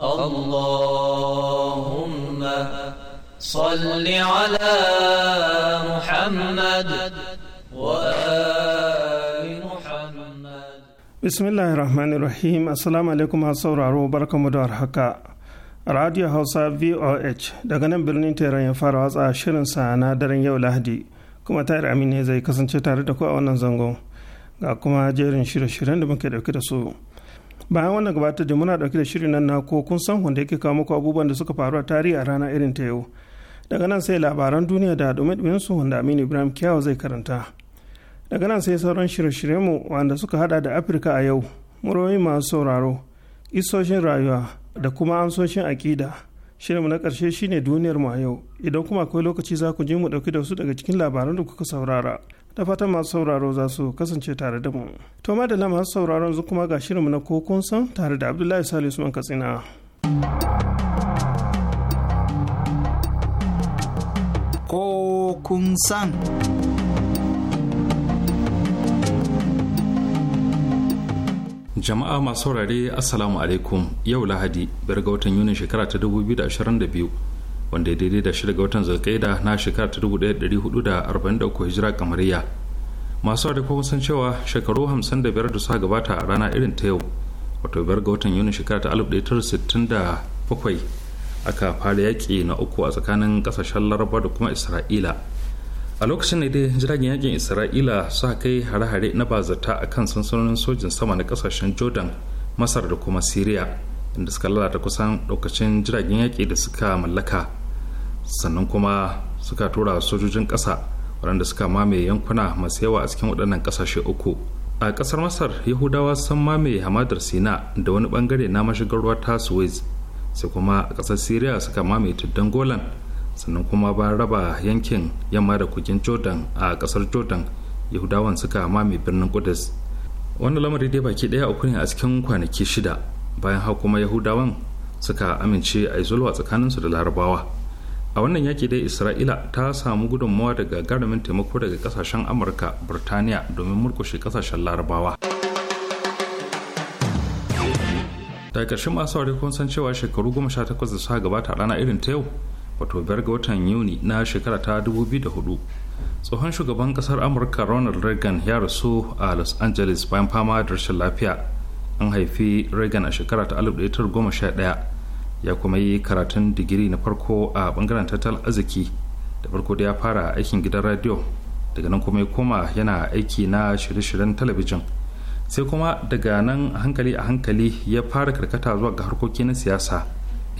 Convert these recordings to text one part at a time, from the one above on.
اللهم صل على محمد وآل محمد بسم الله الرحمن الرحيم السلام عليكم sauraro barkamu da warhaka Radio Hausa VOH daga nan birnin Teran ya fara watsa shirinsa na daren yau Lahadi kuma tayar Amin ne zai kasance tare da ku a wannan zangon ga kuma jerin shirye-shiryen da muke dauke da su. bayan wannan gabatar da muna dauke da shirin nan na ko kun san wanda yake kawo muku abubuwan da suka faru a tarihi a rana irin ta yau daga nan sai labaran duniya da domin su wanda aminu ibrahim kyawu zai karanta daga nan sai sauran shirye-shirye mu wanda suka hada da afirka a yau muroyi masu sauraro isoshin rayuwa da kuma amsoshin aƙida mu na karshe shine duniyar mu a yau idan kuma akwai lokaci za ku je mu dauki da su daga cikin labaran da kuka saurara da fatan masu sauraro za su kasance tare da mu to madalla masu sauraron zu kuma ga shirinmu na kokon san tare da abdullahi salisu man katsina kokun san jama'a masu saurare assalamu alaikum yau lahadi biyar ga watan yunin shekara ta 2022 wanda ya daidai da shi ga watan zulkaida na shekara ta 1443 hijira kamariya masu da kuma san cewa shekaru 55 da suka gabata a rana irin ta yau wato biyar ga watan yuni shekara ta 1967 aka fara yaƙi na uku a tsakanin ƙasashen laraba da kuma isra'ila a lokacin ne dai jiragen yakin isra'ila suka kai hare-hare na bazata akan sansanonin sojin sama na ƙasashen jordan masar da kuma syria inda suka lalata kusan lokacin jiragen yaƙi da suka mallaka sannan kuma suka tura sojojin ƙasa waɗanda suka mamaye yankuna masu yawa a cikin waɗannan ƙasashe uku a ƙasar masar yahudawa sun mamaye hamadar sina da wani ɓangare na mashigar ruwa ta suez sai kuma a ƙasar syria suka mamaye tuddan golan sannan kuma bayan raba yankin yamma da kogin jordan a ƙasar jordan yahudawan suka mamaye birnin kudus wannan lamari dai baki ɗaya uku ne a cikin kwanaki shida bayan haka kuma yahudawan suka amince a zulwa tsakaninsu da larabawa a wannan yaki dai isra'ila ta samu gudunmawa daga garamin taimako daga kasashen amurka burtaniya domin murkushe kasashen larabawa daga ƙarshen masu aure kun san cewa shekaru goma sha takwas da suka gabata rana irin ta yau wato biyar ga watan yuni na shekara ta dubu biyu da hudu tsohon shugaban kasar amurka ronald reagan ya rasu a los angeles bayan fama da rashin lafiya an haifi reagan a shekara ta 1911 ya kuma yi karatun digiri na farko a bangaren tattalin arziki da farko da ya fara aikin gidan radio daga nan kuma ya koma yana aiki na shirye-shiryen talabijin sai kuma daga nan hankali a hankali ya fara karkata zuwa ga harkoki na siyasa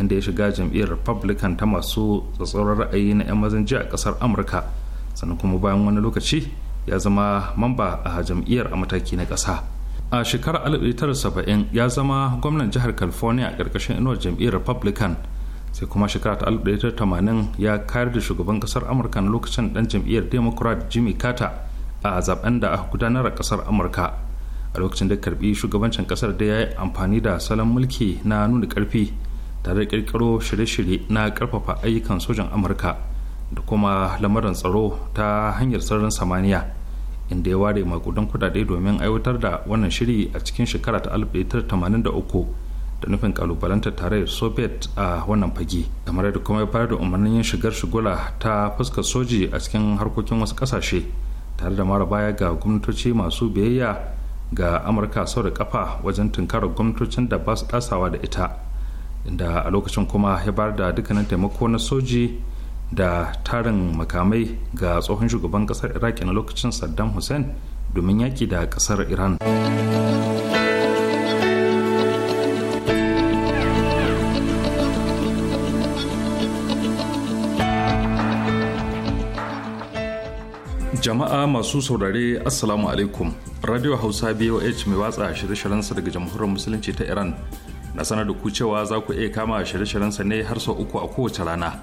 inda ya shiga jam'iyyar republican ta masu tsatsauran ra'ayi na 'yan mazan jiya a kasar amurka sannan kuma bayan wani lokaci ya zama mamba a jam'iyyar a mataki na kasa. a shekarar 1970 ya zama gwamnan jihar california ƙarƙashin inuwar jam'iyyar republican sai kuma shekara ta 1980 ya kayar da shugaban kasar amurka na lokacin dan jam'iyyar democrat jimmy carter a zaben da aka gudanar a kasar amurka a lokacin da karbi shugabancin kasar da ya yi amfani da salon mulki na nuna karfi tare da kirkiro shirye-shirye na karfafa ayyukan sojan amurka da kuma lamarin tsaro ta hanyar sararin samaniya inda ya ware makudan kudade domin aiwatar da wannan shiri a cikin shekara ta 1983 da nufin tare tarayyar soviet a wannan fage kamar da kuma ya fara da umarnin yin shigar shigula ta fuskar soji a cikin harkokin wasu kasashe tare da mara baya ga gwamnatoci masu biyayya ga amurka sau da kafa wajen tunkarar gwamnatocin da ba su da ita inda a lokacin kuma ya bar da dukkanin taimako na soji da tarin makamai ga tsohon shugaban kasar iraki na lokacin saddam hussein domin yaki da kasar iran jama'a masu saurare assalamu alaikum radio hausa boh mai watsa shirye-shiryensa daga jamhuriyar musulunci ta iran na sanar da ku cewa za ku iya kama shirye-shiryensa ne har sau uku a kowace rana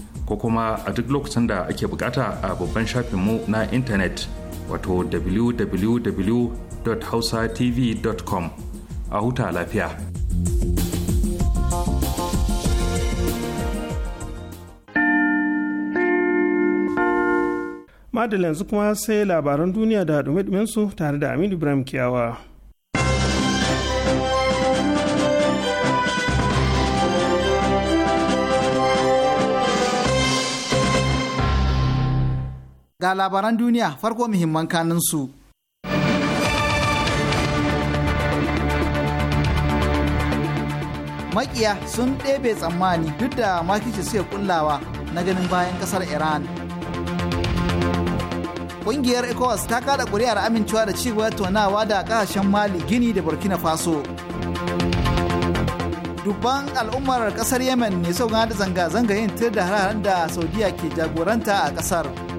ko kuma a duk lokacin da ake bukata a babban shafinmu na intanet wato www.hausatv.com a huta lafiya. Madalla yanzu kuma sai labaran duniya da dumi su tare da Aminu Ibrahim Kiyawa. Ga labaran duniya farko muhimman kaninsu. Makiya sun ɗebe tsammani duk da makici suke kullawa na ganin bayan ƙasar Iran. Ƙungiyar ECOWAS ta kada ƙuri'ar amincewa da cigaba tonawa da ƙasashen Mali, Gini da Burkina Faso. dubban al'ummar ƙasar yemen ne sau da zanga-zanga yin tir da hararen da saudiya ke jagoranta a ƙasar.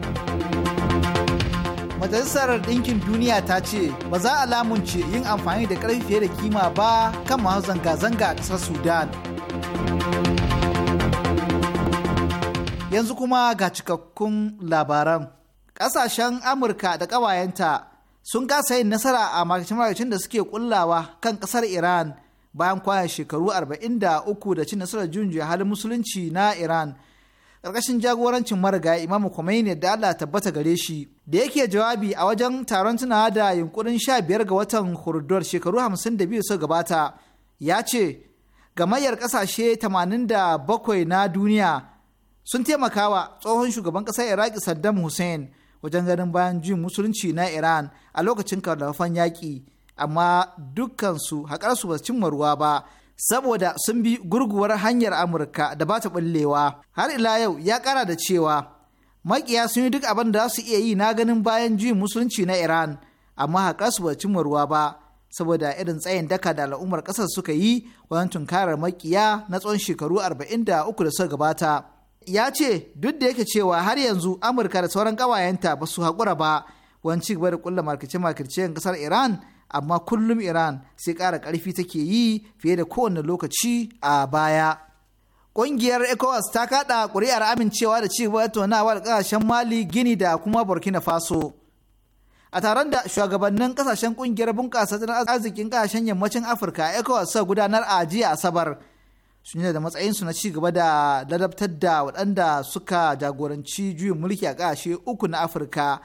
majalisar ɗinkin duniya ta ce ba za a lamunce yin amfani da ƙarfi fiye da kima ba kan masu zanga-zanga a ƙasar sudan yanzu kuma ga cikakkun labaran ƙasashen amurka da ƙawayenta sun kasa yin nasara a makacin da suke kullawa kan ƙasar iran bayan kwayan shekaru 43 da cin nasarar junjiya halin musulunci na iran ƙarƙashin jagorancin marigayi imamu Khomeini da allah tabbata gare shi da yake jawabi a wajen taron tunawa da yunkurin sha biyar ga watan hurdor shekaru hamsin da biyu gabata ya ce gamayyar ƙasashe tamanin da bakwai na duniya sun taimakawa tsohon shugaban ƙasar iraki saddam hussein wajen ganin bayan jin musulunci na iran a lokacin karnafan yaƙi amma dukkansu haƙarsu ba cimma ruwa ba saboda sun bi gurguwar hanyar amurka da ba ta ɓullewa har ila yau ya ƙara da cewa maƙiya sun yi duk abin da su iya yi na ganin bayan juyin musulunci na iran amma haƙa su ba cimma ruwa ba saboda irin tsayin daka da al'ummar ƙasar suka yi wajen tunkarar maƙiya na tsawon shekaru arba'in da uku da suka gabata ya ce duk da yake cewa har yanzu amurka da sauran ƙawayenta ba su haƙura ba wani ci gaba da kulla markice-markicen ƙasar iran amma kullum iran sai ƙara ƙarfi take yi fiye da kowane lokaci a baya. Ƙungiyar ECOWAS ta kaɗa ƙuri'ar amincewa da ci gaba tattaunawar ƙasashen Mali, Gini da kuma Burkina Faso. A taron da shugabannin ƙasashen ƙungiyar bunƙasa tattalin arzikin ƙasashen yammacin Afirka ECOWAS suka gudanar a jiya Asabar. Sun yi da matsayin su na ci gaba da ladabtar da waɗanda suka jagoranci juyin mulki a ƙasashe uku na Afirka.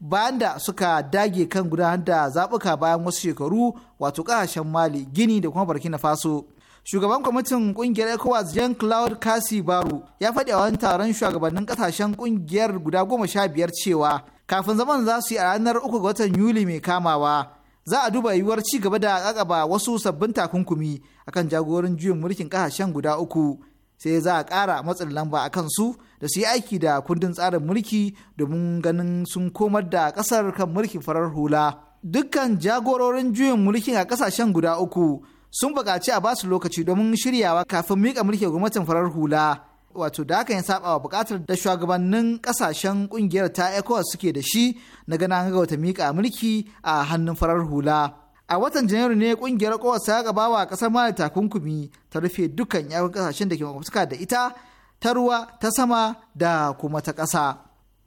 Bayan da suka dage kan gudanar da zaɓuka bayan wasu shekaru wato ƙasashen Mali, Gini da kuma Burkina Faso. shugaban kwamitin kungiyar ecowas jean claude kasi baru ya faɗi a wani taron shugabannin kasashen kungiyar guda goma sha biyar cewa kafin zaman za su yi a ranar uku ga watan yuli mai kamawa za a duba yiwuwar ci gaba da ƙaƙaba wasu sabbin takunkumi akan jagorin juyin mulkin kasashen guda uku sai za a ƙara matsin lamba a kansu da su yi aiki da kundin tsarin mulki domin ganin sun komar da ƙasar kan mulkin farar hula dukkan jagororin juyin mulkin a ƙasashen guda uku sun buƙaci a basu lokaci domin shiryawa kafin miƙa mulki gwamnatin farar hula wato da hakan ya saba wa buƙatar da shugabannin ƙasashen ƙungiyar ta ECOWAS suke da shi na gana ga wata miƙa mulki a hannun farar hula. A watan Janairu ne ƙungiyar ECOWAS ta gaba wa ƙasar Mali takunkumi ta rufe dukkan yawan ƙasashen da ke makwabtaka da ita ta ruwa ta sama da kuma ta ƙasa.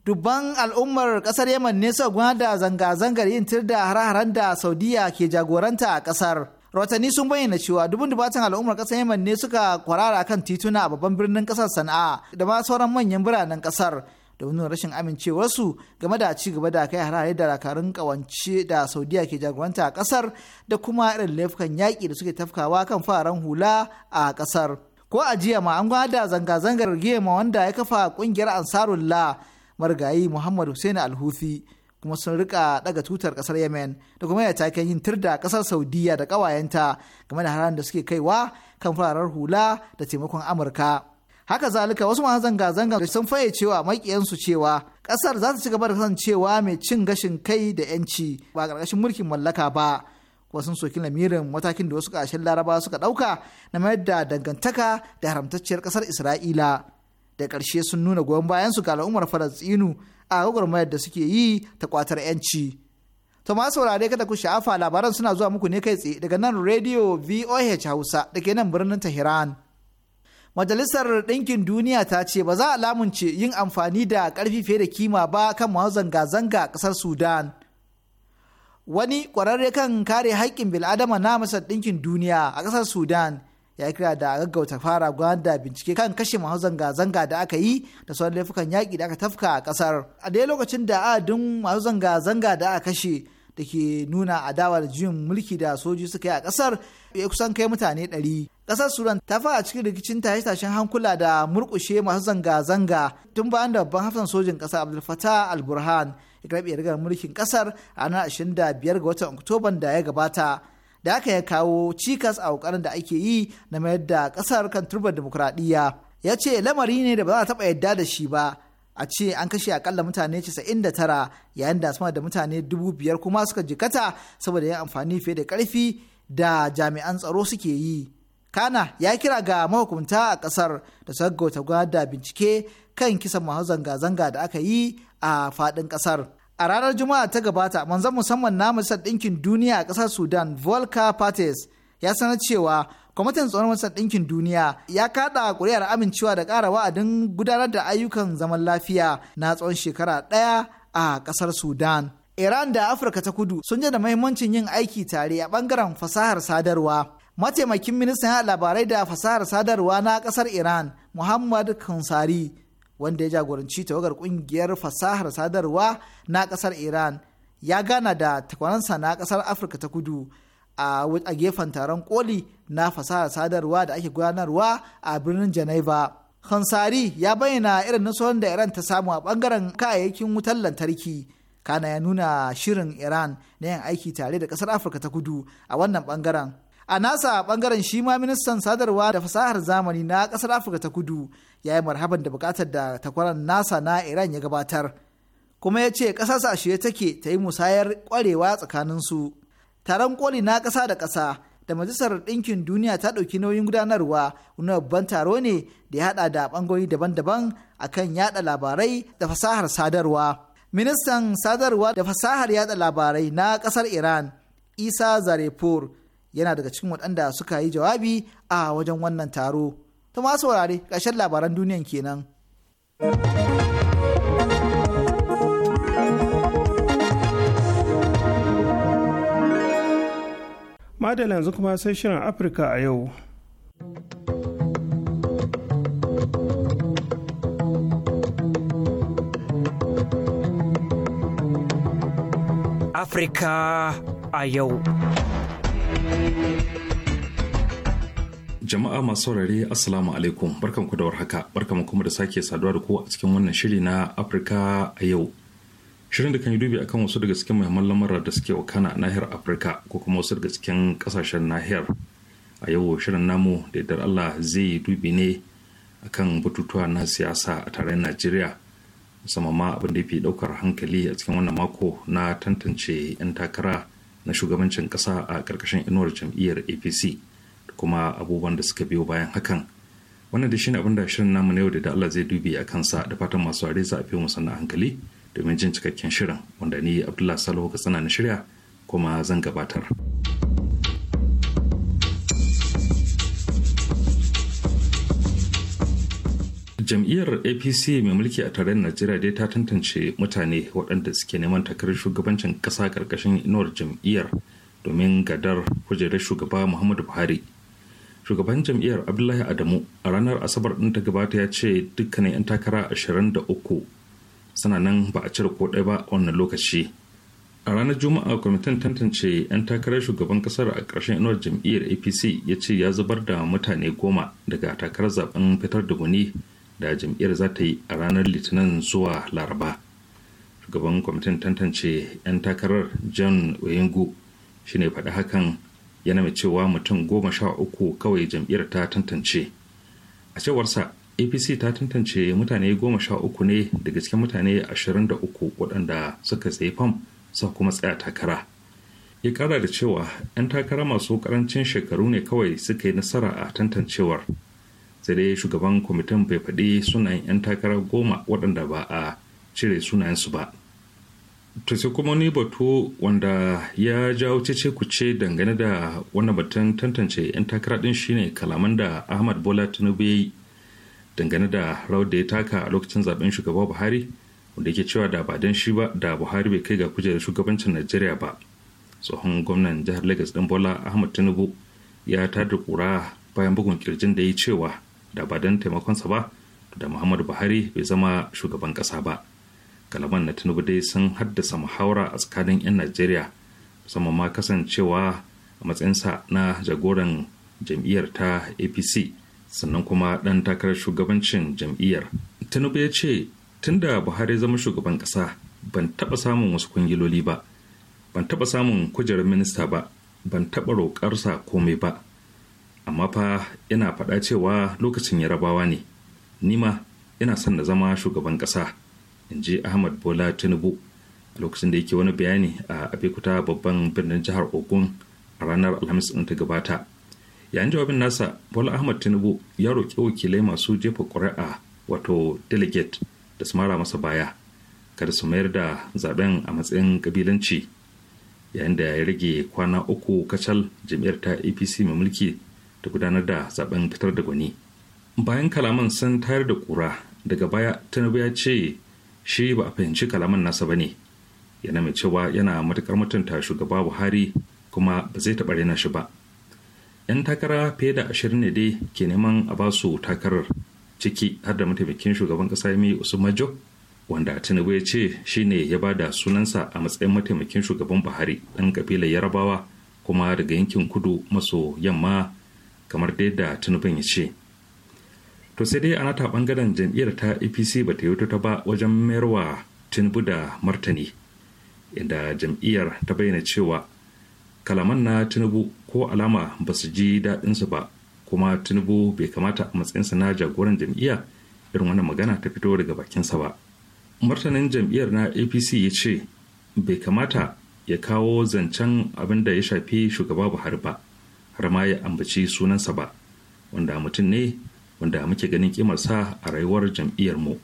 dubban al'ummar ƙasar Yemen ne suka da zanga-zangar yin tir da hare-haren da Saudiya ke jagoranta a ƙasar. rahotanni sun bayyana cewa dubun dubatan al'ummar ƙasar yemen ne suka kwarara kan tituna a babban birnin ƙasar sana'a da ma sauran manyan biranen ƙasar domin rashin amincewarsu game da ci gaba da kai harare da rakarun kawance da saudiya ke jagoranta a kasar da kuma irin laifukan yaƙi da suke tafkawa kan fararen hula a kasar ko a jiya ma an gwada zanga-zangar gema wanda ya kafa ƙungiyar ansarullah marigayi muhammad hussein alhufi kuma sun rika daga tutar kasar yemen da kuma ya taken yin tirda da kasar saudiya da kawayenta game da haran da suke kaiwa kan fararar hula da taimakon amurka haka zalika wasu masu zanga-zanga sun faye cewa makiyansu cewa kasar za ta ci gaba da kasancewa mai cin gashin kai da yanci ba ƙarƙashin mulkin mallaka ba kuma sun soki lamirin matakin da wasu ƙasashen laraba suka ɗauka na mayar da dangantaka da haramtacciyar ƙasar isra'ila da ƙarshe sun nuna goyon bayan su ga al'ummar falastinu a gwagwarmayar da suke yi ta kwatar 'yanci. To ma saurare kada ku sha'afa labaran suna zuwa muku ne kai tsaye daga nan Radio VOH Hausa da ke nan birnin Tehran. Majalisar Ɗinkin Duniya ta ce ba za a lamunce yin amfani da karfi fiye da kima ba kan masu zanga-zanga ƙasar Sudan. Wani ƙwararre kan kare haƙƙin bil'adama na Masar Ɗinkin Duniya a ƙasar Sudan ya kira da gaggauta fara gudanar da bincike kan kashe masu zanga-zanga da aka yi da sauran laifukan yaƙi da aka tafka a ƙasar a daya lokacin da adadin masu zanga-zanga da aka kashe da ke nuna adawa da juyin mulki da soji suka yi a ƙasar ya kusan kai mutane ɗari ƙasar sudan ta fara cikin rikicin tashe-tashen hankula da murƙushe masu zanga-zanga tun bayan da babban hafsan sojin ƙasar abdul fatah al burhan ya karɓe rigar mulkin ƙasar a ranar 25 ga watan oktoban da ya gabata da aka ya kawo cikas a ƙoƙarin da ake yi na mayar da ƙasar kan turbar demokuraɗiyya ya ce lamari ne da ba za a taɓa yadda da shi ba a ce an kashe akalla mutane 99 yayin da sama da mutane 5,000 kuma suka jikata saboda yin amfani fiye da ƙarfi da jami'an tsaro suke yi. Kana ya kira ga mahukunta a ƙasar da su gaggauta da bincike kan kisan masu zanga-zanga da aka yi a faɗin ƙasar. a ranar juma'a ta gabata manzan musamman na majalisar ɗinkin duniya a ƙasar sudan volker pates ya sanar cewa kwamitin tsaron majalisar ɗinkin duniya ya kaɗa ƙuri'ar amincewa da ƙara wa'adin gudanar da ayyukan zaman lafiya na tsawon shekara ɗaya a ƙasar sudan iran da afirka ta kudu sun da mahimmancin yin aiki tare a ɓangaren fasahar sadarwa mataimakin ministan labarai da fasahar sadarwa na ƙasar iran muhammad kansari wanda ya jagoranci tawagar kungiyar fasahar sadarwa na kasar iran ya gana da takwaransa na kasar afirka ta kudu a gefen taron koli na fasahar sadarwa da ake gudanarwa a birnin geneva hansari ya bayyana irin nasarar da iran ta samu a bangaren kayayyakin wutar lantarki kana ya nuna shirin iran na yin aiki tare da kasar afirka ta kudu a wannan bangaren a nasa a bangaren shi ma ministan sadarwa da fasahar zamani na kasar afirka ta kudu ya yi marhaban da bukatar da takwaran nasa na iran ya gabatar kuma ya ce ƙasarsa a shirye take ta yi musayar kwarewa tsakaninsu taron koli na ƙasa da ƙasa da majalisar ɗinkin duniya ta ɗauki nauyin gudanarwa wani babban taro ne da ya haɗa da ɓangarori daban-daban akan yaɗa labarai da fasahar sadarwa ministan sadarwa da fasahar yaɗa labarai na ƙasar iran isa zarepur yana daga cikin waɗanda suka yi jawabi a wajen wannan taro. Ta masu saurare ƙarshen labaran duniyan kenan. Madalla yanzu kuma sai shirin Afirka a yau. Afirka a yau. Jama'a masu saurare Assalamu alaikum barkan ku da warhaka barkan mu kuma da sake saduwa da ku a cikin wannan shiri na Afirka a yau. Shirin da kan yi dubi akan wasu daga cikin muhimman lamura da suke wakana a nahiyar Afirka ko kuma wasu daga cikin kasashen nahiyar. A yau shirin namu da yadda Allah zai yi dubi ne akan batutuwa na siyasa a tare Najeriya musamman ma abin da ya fi daukar hankali a cikin wannan mako na tantance 'yan takara na shugabancin kasa a ƙarƙashin inuwar jam'iyyar APC. kuma abubuwan da suka biyo bayan hakan wannan da shine abin da shirin namu na yau da Allah zai dubi a kansa da fatan masu ware za a fi musu na hankali domin jin cikakken shirin wanda ni Abdullah Salihu tsana na shirya kuma zan gabatar. jam'iyyar apc mai mulki a tarayyar najeriya dai ta tantance mutane waɗanda suke neman takarar shugabancin ƙasa karkashin inuwar jam'iyyar domin gadar kujerar shugaba muhammadu buhari shugaban jam'iyyar abdullahi adamu a ranar asabar ɗin ta gabata ya ce dukkanin 'yan takara ashirin da uku suna nan ba a cire ko ɗaya ba wannan lokaci a ranar juma'a kwamitin tantance 'yan takarar shugaban kasar a ƙarshen inuwar jam'iyyar apc ya ce ya zubar da mutane goma daga takarar zaben fitar da guni da jam'iyyar za ta yi a ranar litinin zuwa laraba shugaban kwamitin tantance 'yan takarar john oyingu shine faɗi hakan yana mai cewa mutum goma sha uku kawai jam'iyyar ta tantance a cewarsa apc ta tantance mutane goma sha uku ne daga cikin mutane ashirin da uku waɗanda suka tsaye fam sa kuma tsaya takara ya kara da cewa 'yan takara masu karancin shekaru ne kawai suka yi nasara a tantancewar sai dai shugaban kwamitin bai faɗi sunayen 'yan takara goma waɗanda ba a cire sunayensu ba to sai kuma wani batu wanda ya jawo cece kuce dangane da wannan batun tantance 'yan takara din shine kalaman da ahmad bola tinubu ya yi dangane da rawar da ya taka a lokacin zaben shugaba buhari wanda yake cewa da ba don shi ba da buhari bai kai ga kujerar shugabancin najeriya ba tsohon gwamnan jihar lagos din bola ahmad tinubu ya ta da kura bayan bugun kirjin da ya cewa da ba don taimakonsa ba da muhammadu buhari bai zama shugaban kasa ba kalaman na tinubu dai sun haddasa muhawara a tsakanin 'yan najeriya musamman ma kasancewa a matsayinsa na jagoran jam'iyyar ta apc sannan kuma ɗan takarar shugabancin jam'iyyar tinubu ya ce tun da buhari zama shugaban ƙasa ban taɓa samun wasu kungiloli ba ban taɓa samun kujerar minista ba ban taɓa roƙarsa komai ba amma fa ina faɗa cewa lokacin yarabawa ne ma ina son na zama shugaban ƙasa in ji ahmad bola tinubu a lokacin da yake wani bayani a abekuta babban birnin jihar ogun a ranar alhamis ɗin ta gabata yayin jawabin nasa bola ahmad tinubu ya roƙi wakilai masu jefa ƙuri'a wato delegate da su mara masa baya kada su mayar da zaben a matsayin kabilanci yayin da ya rage kwana uku kacal jam'iyyar ta apc mai mulki da gudanar da zaben fitar da gwani bayan kalaman sun tayar da kura daga baya tinubu ya ce shi ba a fahimci kalaman nasa ba ne yana mai cewa yana matuƙar mutunta shugaba buhari kuma ba zai taɓa raina shi ba 'yan takara fiye da ashirin ne dai ke neman a ba su takarar ciki har da mataimakin shugaban kasa mai majo wanda tinubu ya ce shi ne ya ba da sunansa a matsayin mataimakin shugaban buhari ɗan kabilar yarabawa kuma daga yankin kudu maso yamma kamar dai da Tinubu ya ce to sai dai a ta bangaren jam'iyyar ta apc ba ta yi ta ba wajen mayarwa tinubu da martani inda jam'iyyar ta bayyana cewa kalaman na tinubu ko alama ba su ji daɗinsu ba kuma tinubu bai kamata a matsayinsa na jagoran jam'iyya irin wannan magana ta fito daga bakinsa ba martanin jam'iyyar na apc ya ce bai kamata ya kawo zancen abin da ya shafi shugaba buhari ba har ma ya ambaci sunansa ba wanda mutum ne wanda muke ganin sa a rayuwar jam'iyyarmu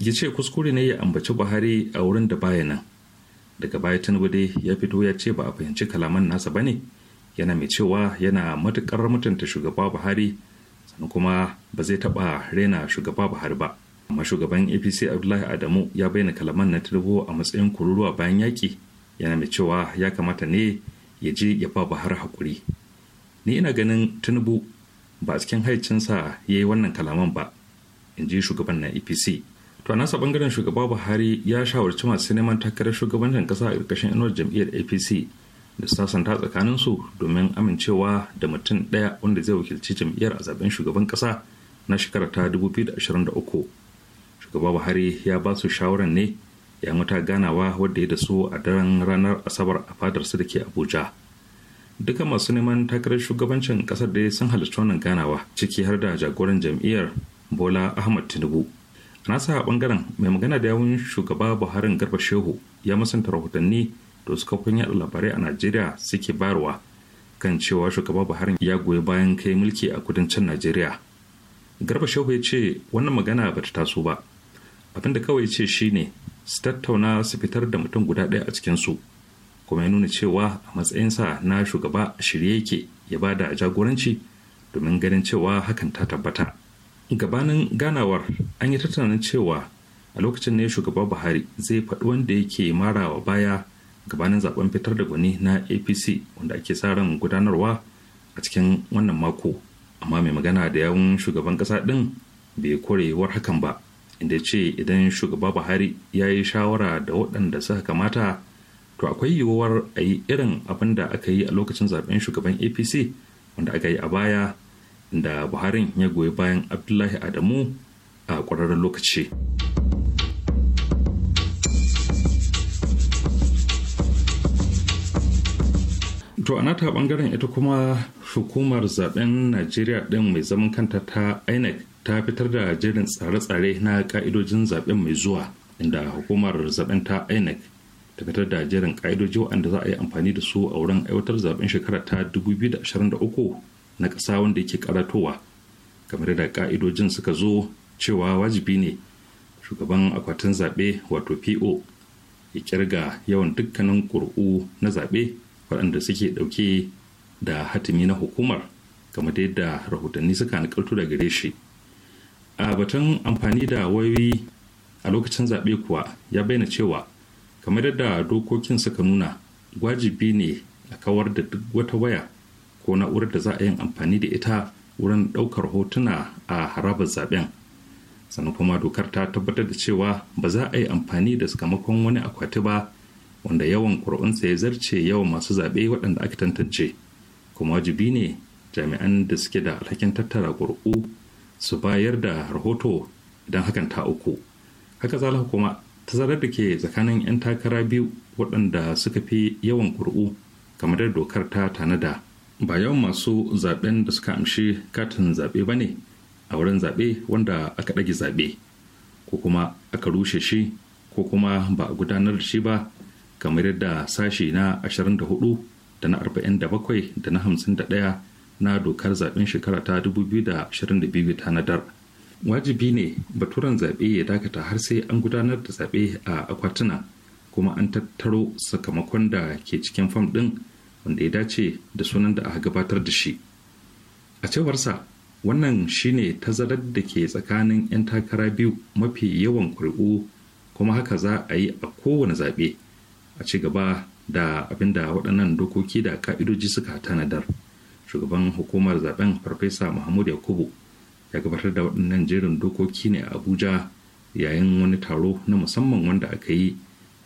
ya ce kuskure ne ya ambaci buhari a wurin da baya nan daga baya tinubu dai ya fito ya ce ba a fahimci kalaman nasa ba ne yana mai cewa yana matukar mutunta shugaba buhari sannan kuma ba zai taɓa rena shugaba buhari ba amma shugaban apc abdullahi adamu ya bayyana kalaman na tinubu a matsayin kururuwa bayan yaki yana mai cewa ya kamata ne ya je ya ba buhari haƙuri ni ina ganin tinubu ba a cikin haicinsa ya yi wannan kalaman ba in ji shugaban na apc to a nasa bangaren shugaba buhari ya shawarci masu neman takarar shugabancin kasa a ƙarƙashin inuwar jam'iyyar apc da sasanta tsakaninsu domin amincewa da mutum ɗaya wanda zai wakilci jam'iyyar a zaben shugaban ƙasa na shekara ta 2023 shugaba buhari ya ba su shawarar ne ya mata ganawa wadda ya da su a daren ranar asabar a fadarsu da ke abuja duka masu neman takarar shugabancin kasar da sun halarci wannan ganawa ciki har da jagoran jam'iyyar bola ahmad tinubu nasa a bangaren mai magana da yawun shugaba buharin garba shehu ya musanta rahotanni da suka kun yaɗa labarai a najeriya suke bayarwa kan cewa shugaba buharin ya goyi bayan kai mulki a kudancin najeriya garba shehu ya ce wannan magana bata taso ba abinda kawai ce shine su tattauna su fitar da mutum guda ɗaya a cikinsu kuma ya nuna cewa a matsayinsa na shugaba shirye yake ya ba da jagoranci domin ganin cewa hakan ta tabbata gabanin ganawar an yi tattalin cewa a lokacin ne shugaba buhari zai faɗi wanda yake marawa baya gabanin zaben fitar da gwani na apc wanda ake sa ran gudanarwa a cikin wannan mako amma mai magana da yawun shugaban ƙasa ɗin bai korewar hakan ba inda ce idan shugaba buhari ya yi shawara da waɗanda suka kamata to akwai yiwuwar a yi irin abin da aka yi a lokacin zaben shugaban apc wanda aka yi a baya da buharin ya goyi bayan abdullahi adamu a ƙwararren lokaci to a nata bangaren ita kuma hukumar zaben najeriya din mai zaman kanta ta inec ta fitar da jerin tsare-tsare na ka'idojin zaben mai zuwa inda hukumar zaben ta inec da da jerin ƙa'idoji waɗanda za a yi amfani da su a wurin aiwatar zaben shekara ta 2023 na ƙasa wanda yake karatowa kamar da ƙa'idojin suka zo cewa wajibi ne shugaban akwatin zaɓe wato po ya kirga yawan dukkanin ƙuri'u na zaɓe waɗanda suke ɗauke da hatimi na hukumar kamar yadda rahotanni suka nakaltu da gare shi a batun amfani da wayoyi a lokacin zaɓe kuwa ya bayyana cewa kamar yadda dokokin suka nuna wajibi ne a kawar da duk wata waya ko na'urar da za a yi amfani da ita wurin ɗaukar hotuna a harabar zaben sannan kuma dokar ta tabbatar da cewa ba za a yi amfani da sakamakon wani akwati ba wanda yawan kuri'unsa ya zarce yawan masu zaɓe waɗanda aka tantance kuma wajibi ne jami'an da suke da alhakin tattara ƙuri'u su bayar da rahoto idan hakan ta uku haka zalika kuma tazarar da ke tsakanin 'yan takara biyu waɗanda suka fi yawan ƙuri'u kamar da dokar ta tanada ba yawan masu zaben da suka amshi katin zaɓe ba ne a wurin zaɓe wanda aka ɗage zaɓe ko kuma aka rushe shi ko kuma ba a gudanar da shi ba kamar yadda sashi na 24 da na 47 da na 51 na dokar zaɓen shekara ta 2022 tanadar. wajibi ne baturen zaɓe ya dakata har sai an gudanar da zaɓe a akwatuna kuma an tattaro sakamakon da ke cikin fam ɗin wanda ya dace da sunan da aka gabatar da shi a cewarsa wannan shine tazarar da ke tsakanin 'yan takara biyu mafi yawan kuri'u kuma haka za a yi a kowane zaɓe a ci gaba da abin da waɗannan dokoki da ka'idoji suka tanadar shugaban hukumar zaben farfesa mahmud yakubu ya gabatar da waɗannan jerin dokoki ne a abuja yayin wani taro na musamman wanda aka yi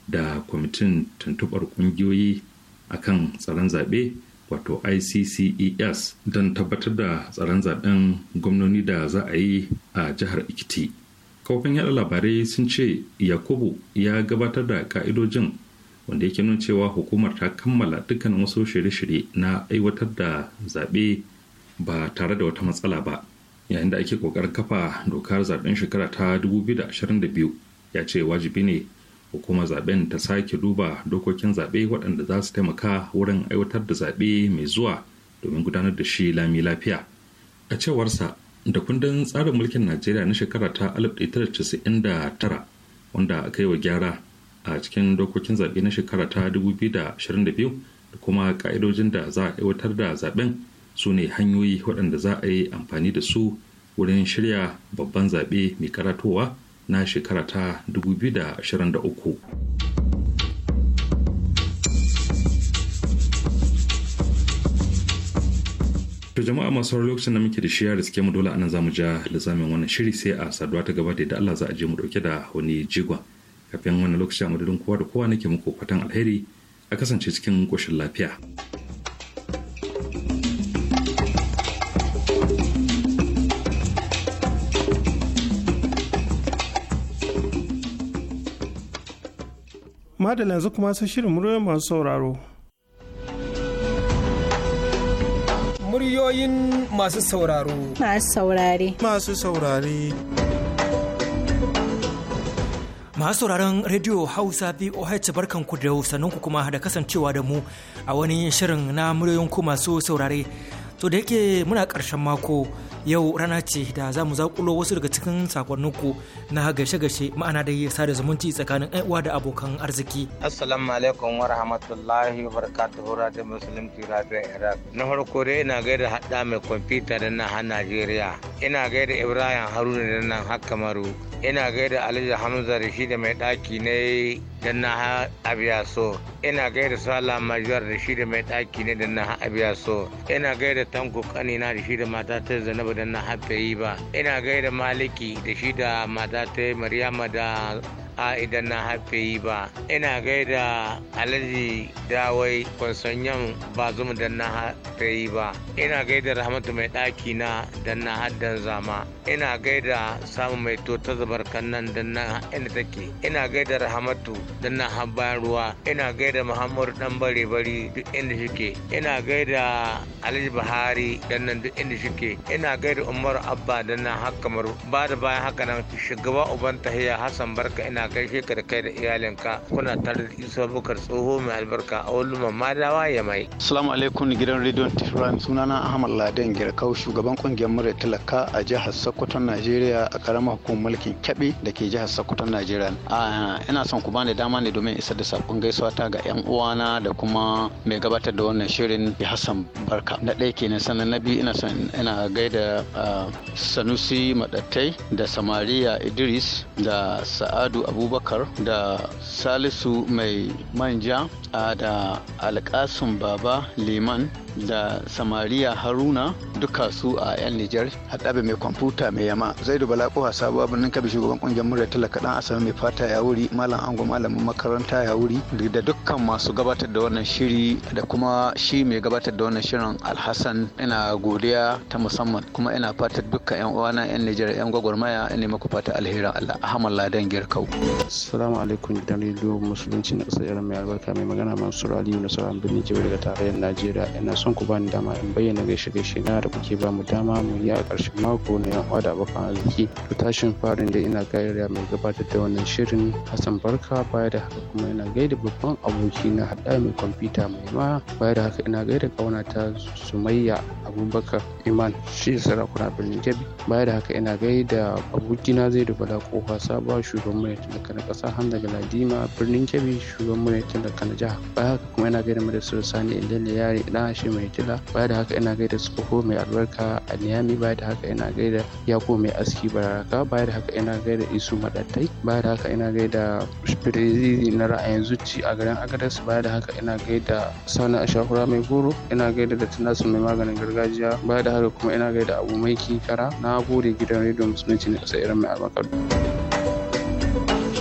da kwamitin tuntubar ƙungiyoyi a kan tsaron zaɓe wato icces don tabbatar da tsaron zaɓen gwamnoni da za a yi a jihar ikiti kawafin yaɗa labarai sun ce yakubu ya gabatar da ka'idojin wanda yake nuna cewa hukumar ta kammala dukkan wasu shirye-shirye na aiwatar da zaɓe ba tare da wata matsala ba yayin da ake kokarin kafa dokar zaben shekara ta 2022 ya ce wajibi ne hukumar zaben ta sake duba dokokin zaɓe waɗanda za su taimaka wurin aiwatar da zaɓe mai zuwa domin gudanar da shi lami lafiya a cewarsa da kundin tsarin mulkin najeriya na shekara ta 1999 wanda aka yi wa gyara a cikin dokokin zaɓe na shekara ta 2022 da kuma ƙa'idojin da za a aiwatar da zaɓen su ne hanyoyi waɗanda za a yi amfani da su wurin shirya babban zaɓe mai karatowa na shekara ta 2023 to jama'a masu sauraro lokacin da muke da shi da suke mu dole anan zamu ja lizamin wannan shiri sai a saduwa ta gaba da Allah za a je mu dauke da wani jigon kafin wannan lokaci a madadin kowa da kowa nake muku fatan alheri a kasance cikin koshin lafiya. Tuma da yanzu kuma sai shirin muryoyin masu sauraro. Muryoyin masu sauraro. Masu saurare. Masu saurare. Masu sauraron Radio Hausa VOH barkanku da sannunku kuma da kasancewa da mu a wani shirin na muryoyin ku masu saurare. To da yake muna ƙarshen mako yau rana ce da za mu zakulo wasu daga cikin sakonninku na gashe-gashe ma'ana da sada zumunci tsakanin uwa da abokan arziki. Assalamu alaikum wa rahmatullahi wa barakatuhu radio muslim radio iraq. Na farko dai ina gaida hada mai kwamfuta da nan har Najeriya. Ina gaida Ibrahim Haruna da nan har Kamaru. Ina gaida Alhaji Hamza da shi da mai daki ne da nan har Abiyaso. Ina gaida Sala Majuwar da shi da mai daki ne da nan har Abiyaso. Ina gaida Tanko Kanina da shi da mata ta Zainabu da na haɓe yi ba ina gaida maliki da shi da mata ta maryama da a idan na haife yi ba ina gaida alhaji dawai kwansonyan ba zuma don na haife yi ba ina gaida rahmatu mai ɗaki na don na haddan zama ina gaida samu mai to ta zubar kannan don na inda take ina gaida rahmatu don na habbayan ruwa ina gaida muhammadu dan bare bari duk inda shike ina gaida alhaji bahari don nan duk inda shike ina gaida umaru abba don na haka ba da bayan haka nan shugaba uban tahiya hassan barka ina kai gaishe ka da kai da iyalinka kuna tare da bukar tsoho mai albarka a wani mamadawa ya mai assalamu alaikum gidan rediyon tehran sunana ahmad laden girkau shugaban kungiyar murya talaka a jihar sokoto najeriya a karamar hukumar mulkin da ke jihar sokoto najeriya ina son ku bani dama ne domin isar da sakon gaisuwa ta ga yan uwana da kuma mai gabatar da wannan shirin hassan barka na ɗaya kenan sannan na biyu ina son ina gaida sanusi madattai da samariya idris da sa'adu abu abubakar da salisu mai manja a da alkasun baba liman da samariya haruna duka su a yan nijar haɗabe mai kwamfuta mai yama zaidu bala kowa sabuwa birnin kabi shugaban kungiyar murya talaka dan asami mai fata ya wuri malam ango malamin makaranta ya wuri da dukkan masu gabatar da wannan shiri da kuma shi mai gabatar da wannan shirin alhassan ina godiya ta musamman kuma ina fatar dukkan yan uwana yan nijar yan gwagwarmaya ina maku fata alherin allah ahmad ladan girkau assalamu alaikum dan rediyo musulunci na ƙasar mai albarka mai magana mansur aliyu na sauran birnin jibi daga tarayyar najeriya ina so son ku bani dama in bayyana gaishe gaishe na da kuke ba mu dama mu yi a ƙarshen mako na yan uwa da abokan arziki to tashin farin da ina gayyara mai gabatar da wannan shirin hassan barka baya da haka kuma ina gaida babban aboki na haɗa mai kwamfuta mai ma baya da haka ina gaida kauna ta sumayya abubakar iman shi sarakuna birnin kebbi baya da haka ina gaida abokina zai da bala kofa sabuwa shugaban mai talaka na ƙasa hamza galadima birnin kebbi shugaban mai da kana jiha baya haka kuma ina gaida madasar sani ilele yare ɗan shi mai kila baya da haka ina gaida tsoho mai albarka a niyami baya da haka ina gaida yako mai aski bararaka baya da haka ina gaida isu madattai baya da haka ina gaida firiziri na ra'ayin zuci a garin agadas baya da haka ina gaida sauna ashahura mai goro ina gaida da tunasu mai maganin gargajiya baya da haka kuma ina gaida abu mai kara na gode gidan rediyo musulunci na ƙasa irin mai albarka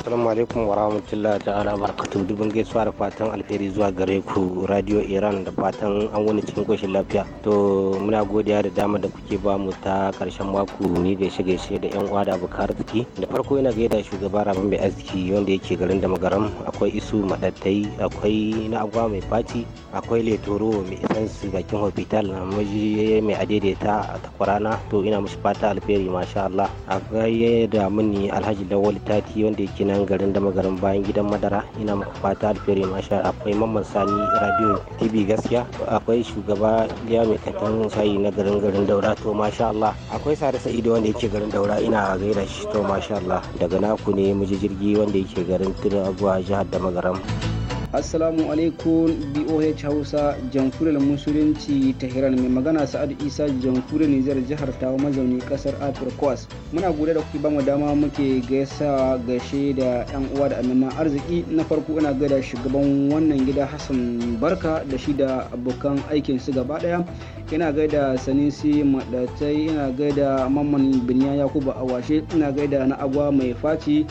assalamu alaikum wa rahmatullahi ta'ala barakatuhu dubin gaisuwa da fatan alheri zuwa gare ku radio iran da fatan an wani cikin koshin lafiya to muna godiya da dama da kuke ba mu ta karshen mako ni gaishe gaishe da yan uwa da abokan arziki da farko yana gaida shugaba rabin mai arziki wanda yake garin da magaram akwai isu madattai akwai na agwa mai faci akwai letoro mai isan su bakin hospital maji mai adaidaita a takwarana to ina musu fata alheri masha Allah akwai yadda mini alhaji lawal tati wanda yake na nan garin da magarin bayan gidan madara ina muku fata alferi masha akwai mamman sani radio tv gaskiya akwai shugaba liya mai katan sayi na garin garin daura to masha Allah akwai sare sa'idu wanda yake garin daura ina gaira shi to masha Allah daga naku ne muji jirgi wanda yake garin tunaguwa jihar da magaran. assalamu alaikum boh hausa jamhuriyar musulunci ta hiran mai magana sa'adu isa jamhuriyar nijar jihar tawa mazauni kasar kwas muna gode da kuke bamu dama muke gaisa gaishe da yan uwa da aminan arziki na farko ina gaida shugaban wannan gida hassan barka da shi da abokan aikin su gaba daya ina gaida sanisi madatai ina gaida mamman biniya yakubu awashe ina gaida na agwa mai faci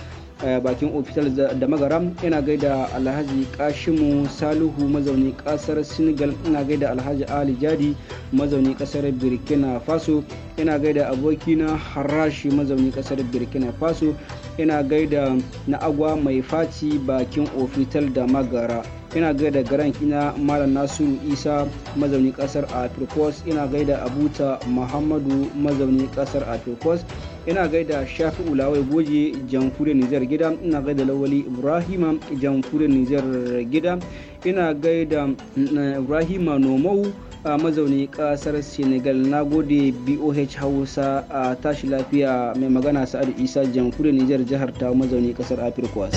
Eh, bakin ofital da magaram ina gaida alhaji kashimu saluhu mazauni kasar senegal ina gaida alhaji ali jadi mazauni kasar Birkina faso ina gaida abokina harashi mazauni kasar burkina faso ina gaida na agwa mai faci bakin ofital da magara ina gaida garan kina malam nasiru isa mazauni kasar afirkos ina gaida abuta muhammadu mazauni kasar afirkos ina gaida shafi lawai goje jamfure nijar gida ina gaida lawali ibrahima jamfure nijar gida ina gaida eh, ibrahima nomau a mazauni kasar senegal na gode boh hausa a tashi lafiya mai magana sa'ad isa jamfure nijar jihar ta mazauni kasar afirka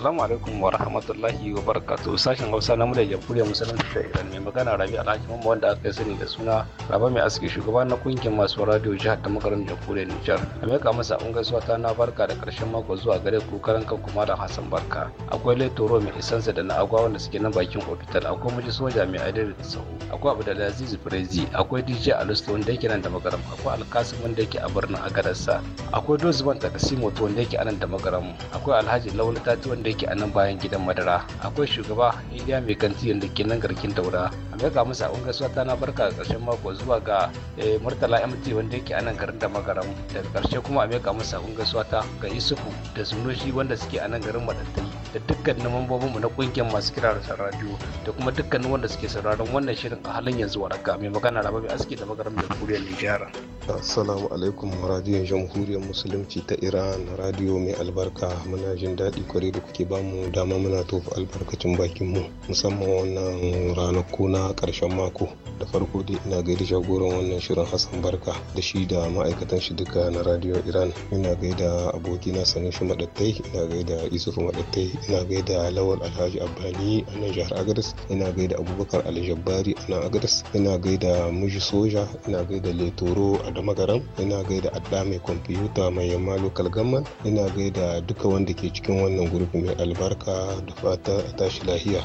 Assalamu alaikum wa rahmatullahi wa barakatuh. Sashen Hausa na muryar Jamhuriyar Musulunci da Iran mai magana Rabi Alhaji Mamba, wanda aka yi sani da suna Raba mai aski shugaba na kungiyar masu radio jihar ta magarin Jamhuriyar Nijar. A mai kama sa gaisuwa ta na barka da karshen mako zuwa gare ku karan kan kuma da Hassan Barka. Akwai Letoro mai isansa da na agwa wanda suke nan bakin ofital. Akwai muji soja mai aidar da sahu. Akwai Abdulaziz Brezi. Akwai DJ Alusto wanda yake nan da magaram. Akwai Alkasim wanda yake a birnin Agadarsa. Akwai Dozman Takasimoto wanda yake anan da magaram. Akwai Alhaji tati wanda wanda yake a nan bayan gidan madara akwai shugaba india mai kanti da ke nan garkin daura a maiƙa musu a gaisuwa ta na barka a ƙarshen mako zuwa ga eh, murtala mt wanda yake a nan garin da magaram daga ƙarshe kuma a maiƙa musu a gaisuwa ta ga yusufu da zunoshi wanda suke a nan garin madattai da dukkanin mambobinmu na ƙungiyar masu kira da radio da kuma dukkanin wanda suke sauraron wannan shirin a halin yanzu waraka mai magana raba mai aski da magaram da kuriyar nijar assalamu alaikum radiyon jamhuriyar musulunci ta iran radiyo mai albarka muna jin daɗi kwarai da kuke ke mu dama muna tofa albarkacin bakin mu. musamman wannan ranaku na karshen mako da farko dai ina gaida jagoran wannan shirin hassan barka da shi da ma'aikatan shi duka na radio iran ina gaida abokina shi madattai ina gaida isuf madattai ina gaida lawal alhaji abani a nan jihar agadas ina gaida abubakar aljabbari a nan agadas ina gaida muji soja ina gaida letoro a damagaram ina gaida adda mai kwamfuta mai yamma lokal gamman ina gaida duka wanda ke cikin wannan gurbi mai albarka da fata a tashi lahiya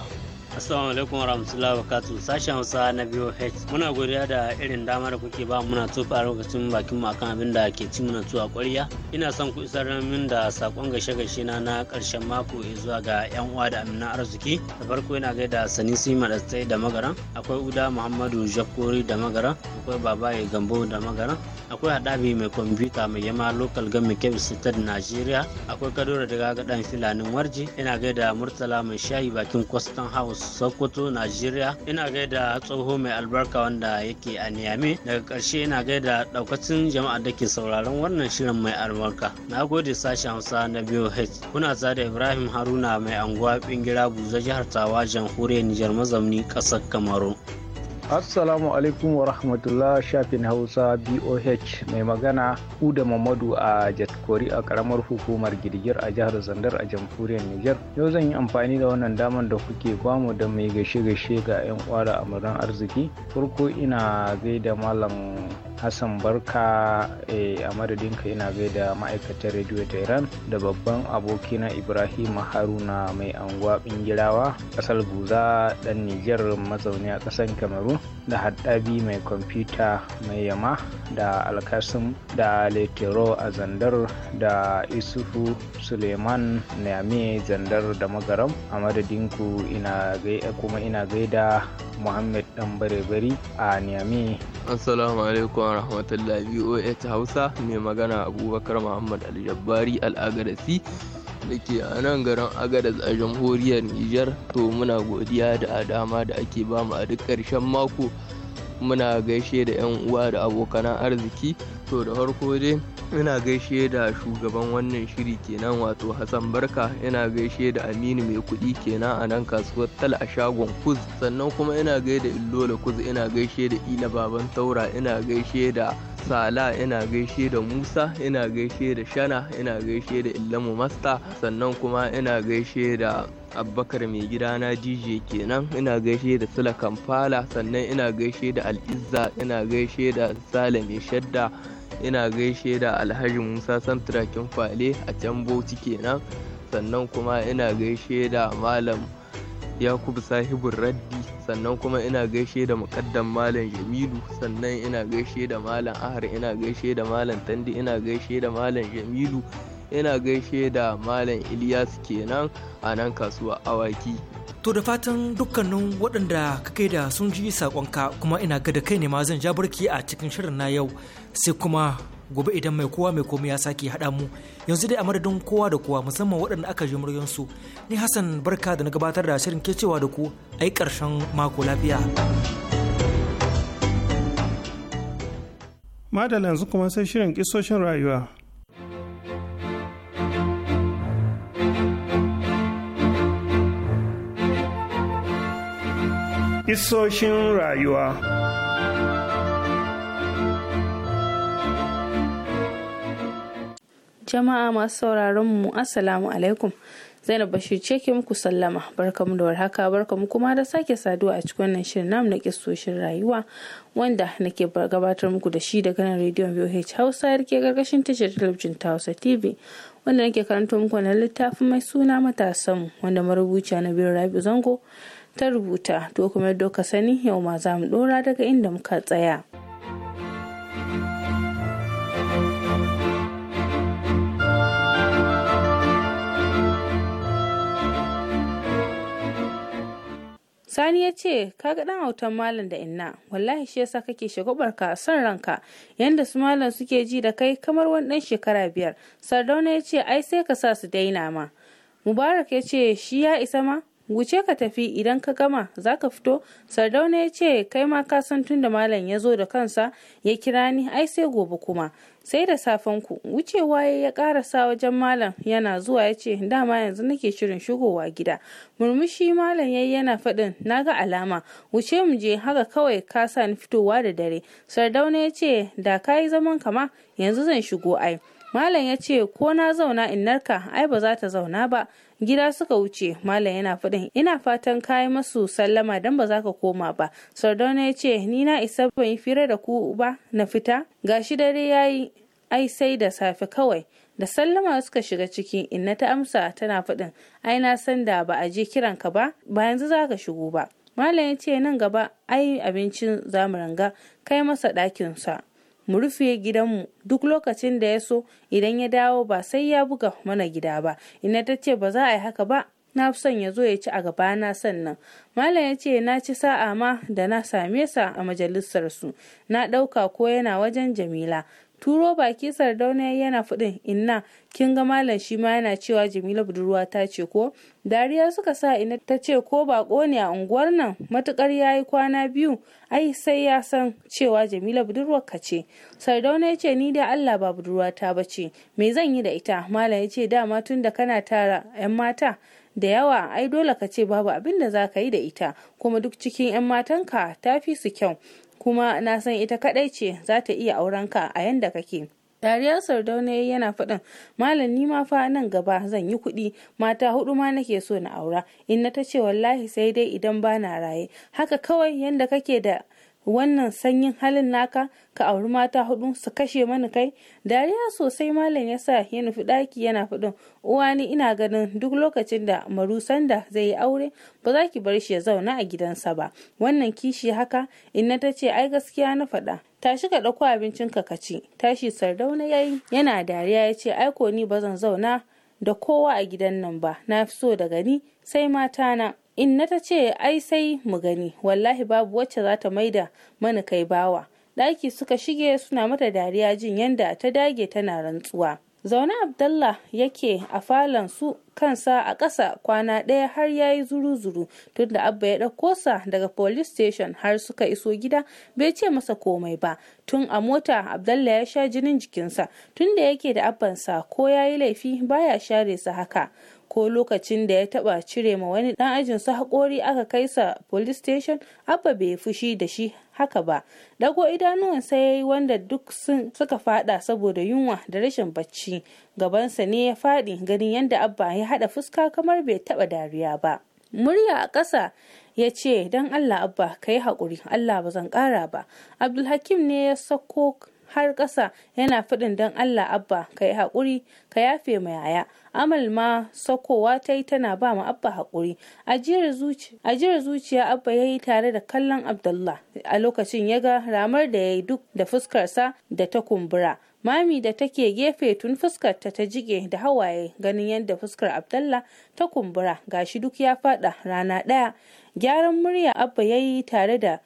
Assalamu alaikum wa barakatu sashen Hausa na VOH muna godiya da irin dama da kuke ba muna a lokacin bakin mu akan abin da ke ci muna tuwa ƙwarya ina son ku isar min da sakon gashe gashe na na ƙarshen mako ya zuwa ga yan uwa da amina arziki da farko ina gaida Sanisi Madatsai da Magaran akwai Uda Muhammadu Jakori da Magaran akwai Babaye Gambo da Magaran akwai haɗabi mai kwamfuta mai yama local game kebbi state nigeria akwai kadura daga gadan filanin warji ina gaida murtala mai shayi bakin kwastan house sokoto nigeria ina gaida tsoho mai albarka wanda yake a niyame daga ƙarshe ina gaida ɗaukacin jama'a da ke sauraron wannan shirin mai albarka na gode sashen hausa na biyu kuna zada ibrahim haruna mai anguwa bingira buza jihar tawa jamhuriyar nijar mazauni ƙasar kamaru Assalamu alaikum wa rahmatullah shafin Hausa BOH mai magana Uda Mamadu a Jatkori a karamar hukumar Girgir a jihar Zandar a jamhuriyar niger Yau zan yi amfani da wannan damar da kuke bamu da mai gaishe-gaishe ga 'yan uwa da amuran arziki. Farko ina gaida malam hassan barka eh, a madadinka ina gaida ma'aikatar radio Iran, da babban abokina ibrahim haruna mai anguwa bingirawa kasar guza dan Nijar mazauni a kasar kamaru da haddabi mai kwamfuta mai yama da alkasim da letero a zandar da isufu suleiman Nami zandar da magaram a madadinku kuma ina gaida muhammad dan bare bari a niamey assalamu alaikum wa rahmatullahi BOH Hausa mai magana Abubakar Muhammad jabbari Al'agarasi da ke a nan garin Agadas a jamhuriyar Nijar to muna godiya da dama da ake bamu a duk ƙarshen mako muna gaishe da 'yan uwa da abokan arziki to da farko dai ina gaishe da shugaban wannan shiri kenan wato hassan barka ina gaishe da aminu mai kuɗi kenan a nan kasuwar tal a shagon kuz sannan kuma ina da illola kuz ina gaishe da ina baban taura ina gaishe da sala ina gaishe da musa ina gaishe da shana ina gaishe da illamu masta sannan kuma ina gaishe da abbakar mai gida na dj kenan ina gaishe da sula kamfala sannan ina gaishe da al'izza ina gaishe da sale mai shadda ina gaishe da alhaji musa santrakin fale a can bauchi kenan sannan kuma ina gaishe da malam yakubu sahibin raddi sannan kuma ina gaishe da mukaddam malam jamilu sannan ina gaishe da malam ahar ina gaishe da malam tandi ina gaishe da malam jamilu ina gaishe da malam ilyas kenan a nan kasuwa awaki to da fatan dukkanin waɗanda ka kai da sun ji saƙonka kuma ina ga da kai ne ma zan ja barki a cikin shirin na yau sai kuma gobe idan mai kowa mai komai ya sake haɗa mu yanzu dai a madadin kowa da kowa musamman waɗanda aka ji muryansu ni hassan barka da na gabatar da shirin cewa da ku a yi ƙarshen mako lafiya madalla yanzu kuma sai shirin kisoshin rayuwa Isoshin rayuwa Jama'a masu sauraron mu Assalamu alaikum. Zainab Bashir ce ke muku sallama. Barkamu da warhaka, barkamu kuma da sake saduwa a cikin wannan shirin namu na kisoshin rayuwa wanda nake gabatar muku da shi daga nan rediyon VOH Hausa yarke gargashin tashar talabijin ta Hausa TV. Wanda nake karanto muku na littafin mai suna matasan wanda marubuciya na biyu Rabi Zango ta rubuta to kuma yadda ka sani yau ma za mu dora daga inda muka tsaya. Sani ya ce, kaga dan autan malam da inna, wallahi shi yasa kake shagobarka a son ranka, yanda su malam suke ji da kai kamar wani ɗan shekara biyar. Sardauna ya ce, ai sai ka sa su daina ma. Mubarak ya ce, shi ya isa ma? wuce ka tafi idan ka gama za ka fito sardauna ya ce kai ma ka san tunda malam ya zo da kansa ya kira ni ai sai gobe kuma sai da safen ku wucewa ya karasa wajen malam yana zuwa ya ce dama yanzu nake shirin shigowa gida murmushi malam yayi yana faɗin na ga alama wuce mu je haka kawai ka sa ni fitowa da dare sardauna ya ce da ka yi zaman kama yanzu zan shigo ai malam ya ce ko na zauna in narka ai ba za ta zauna ba gida suka wuce malam yana faɗin ina fatan kayi masu sallama dan ba za ka koma ba sardauna ya ce ni na isa ban yi fira da ku ba na fita ga shi dare yayi ai sai da safe kawai da sallama suka shiga ciki inna ta amsa tana faɗin ai na san da ba a je kiran ka ba ba yanzu za ka shigo ba malam ya ce nan gaba ai abincin zamu ranga kai masa ɗakinsa mu rufe gidanmu duk lokacin da ya so idan ya dawo ba sai ya buga mana gida ba ina ta ce ba za a yi haka ba na fi son ya zo ya ci a gabana sannan malam ya ce na ci sa'a ma da na same sa a majalisar su na ɗauka ko yana wajen jamila turo baki sardauna yana fudin inna kin ga malam shi ma yana cewa jamila budurwa ta ce ko dariya suka sa ina ta ce ko bako ne a unguwar nan matukar yayi kwana biyu ai sai ya san cewa jamila budurwar ka ce sardauna ya ce ni da allah ba budurwa ta ce me zan yi da ita malam ya ce dama tun da kana tara yan mata da yawa ai dole ka ce babu abin da za ka yi da ita kuma duk cikin 'yan matanka ta fi su kyau kuma na san ita kadai ce za ta iya auren ka a yanda kake dariyar sardaune yana faɗin malam ni ma fa nan gaba zan yi kuɗi mata hudu ma nake so na aura in na ta ce wallahi sai dai idan ba na raye haka kawai yanda kake da wannan sanyin halin naka ka auri mata hudu su kashe mani kai dariya sosai malam ya sa ya nufi daki yana fudin uwa ni ina ganin duk lokacin da marusan da zai yi aure ba za ki bar shi ya zauna a gidansa ba wannan kishi haka inna ta ce ai gaskiya na faɗa tashi ka ɗauko abincin ka ka ci tashi sardauna yayi yana dariya ya ce ai ko ni ba zan zauna da kowa a gidan nan ba na fi so daga ni sai mata na Inna ta ce ai sai mu gani wallahi babu wacce za ta maida mana kai bawa. Ɗaki suka shige suna mata dariya jin yanda ta dage tana rantsuwa. Zaune Abdallah yake a falon su kansa a ƙasa kwana ɗaya har ya yi zuru-zuru tunda abba ya ɗauko sa daga police station har suka iso gida bai ce masa komai ba tun a mota abdallah ya sha jinin jikinsa tunda yake da abbansa ko ya yi laifi baya share su haka ko lokacin da ya taba cire ma wani dan ajin su hakori aka kai sa police station abba bai fushi da shi haka ba dago idanuwan sai yayi wanda duk sun suka fada saboda yunwa da rashin bacci gabansa ne ya faɗi ganin yadda abba ya haɗa fuska kamar bai taba dariya ba murya a ƙasa ya ce don allah abba ka yi haƙuri allah ba zan ƙara ba abdulhakim ne ya sako har ƙasa yana faɗin don Allah abba ka yi haƙuri ka yafe ma yaya amal ma sakowa ta yi tana ba ma abba haƙuri ajiyar zuciya abba ya yi tare da kallon abdullah a lokacin ya ga ramar da ya yi duk da fuskarsa da ta kumbura mami da take gefe tun fuskar ta ta jige da hawaye ganin yadda fuskar abdallah ta kumbura gashi duk ya fada rana ɗaya gyaran murya abba ya yi tare da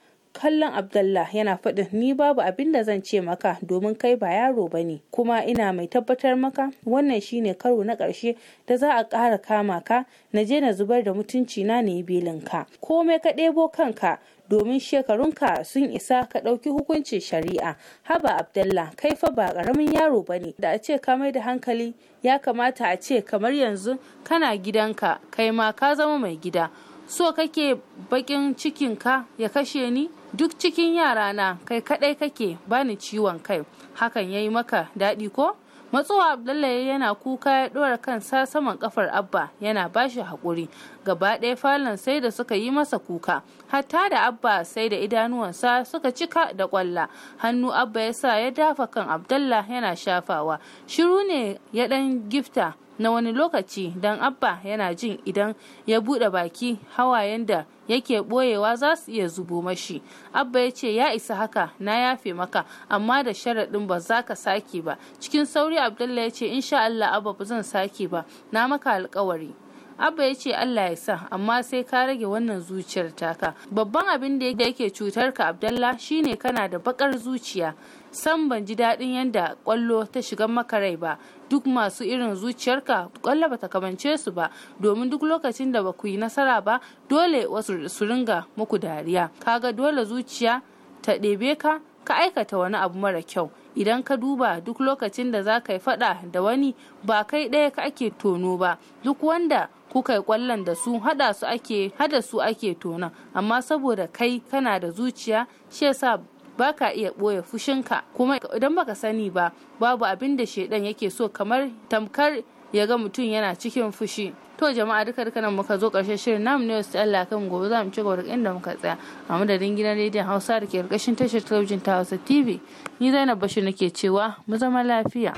kallon Abdallah yana faɗin ni babu abin da zan ce maka domin kai ba yaro ba ne kuma ina mai tabbatar maka wannan shi ne karo na ƙarshe da za a ƙara kama ka na je na zubar da mutunci na ne belinka komai ka ɗebo kanka domin shekarunka sun isa ka ɗauki hukuncin shari'a haba abdallah kai fa ba ƙaramin yaro ba ne da a ce ka mai da hankali ya kamata a ce kamar yanzu kana gidanka kai ma ka zama mai gida so kake bakin cikinka ya kashe ni duk cikin yarana kai kadai kake bani ciwon kai hakan ya yi maka daɗi ko matsowa abdullahi yana kuka ya ɗora kansa saman kafar abba yana bashi haƙuri gaba ɗaya falon sai da suka yi masa kuka hatta da abba sai da idanuwansa suka cika da ƙwalla hannu abba ya sa ya dafa kan abdullah yana shafawa shiru ne ya ɗan gifta na wani lokaci don abba yana jin idan ya buɗe baki hawayen da yake ɓoyewa za su iya zubo mashi abba ya ce ya isa haka na yafe maka amma da sharaɗin ba za ka sake ba cikin sauri abdullah ya ce sha allah abba ba zan sake ba na maka alkawari abba ya ce allah ya sa amma sai ka rage wannan zuciyar taka babban abin da yake cutar ka abdallah shine kana da bakar zuciya san ban ji daɗin yadda ƙwallo ta shiga makarai ba duk masu irin zuciyarka kwallo ta kamance su ba domin duk lokacin da ba ku yi nasara ba dole wasu su ringa muku dariya kaga dole zuciya ta ɗebe ka ka aikata wani abu mara kyau idan ka duba duk lokacin da za ka yi faɗa da wani ba kai ɗaya ka ake tono ba duk wanda kuka yi kwallon da su hada su ake hada su ake tonon amma saboda kai kana da zuciya shi yasa baka iya ɓoye fushinka kuma idan baka sani ba babu abin da shaidan yake so kamar tamkar ya ga mutum yana cikin fushi to jama'a duka duka nan muka zo karshen shirin namu ne wasu Allah kan gobe za mu ci gaba inda muka tsaya a madadin gidan rediyon Hausa da ke karkashin tashar talabijin ta Hausa TV ni Zainab Bashir nake cewa mu zama lafiya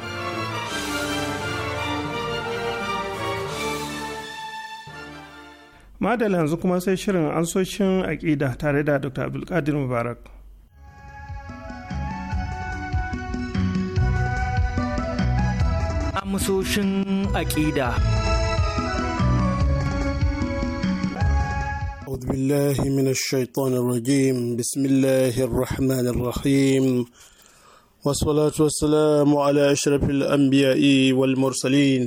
Madalla yanzu kuma sai shirin ansoshin aƙida tare da Dr. Abdulkadir Mubarak. amsoshin aƙida. أعوذ بالله من الشيطان الرجيم بسم الله الرحمن الرحيم والصلاة والسلام على أشرف الأنبياء والمرسلين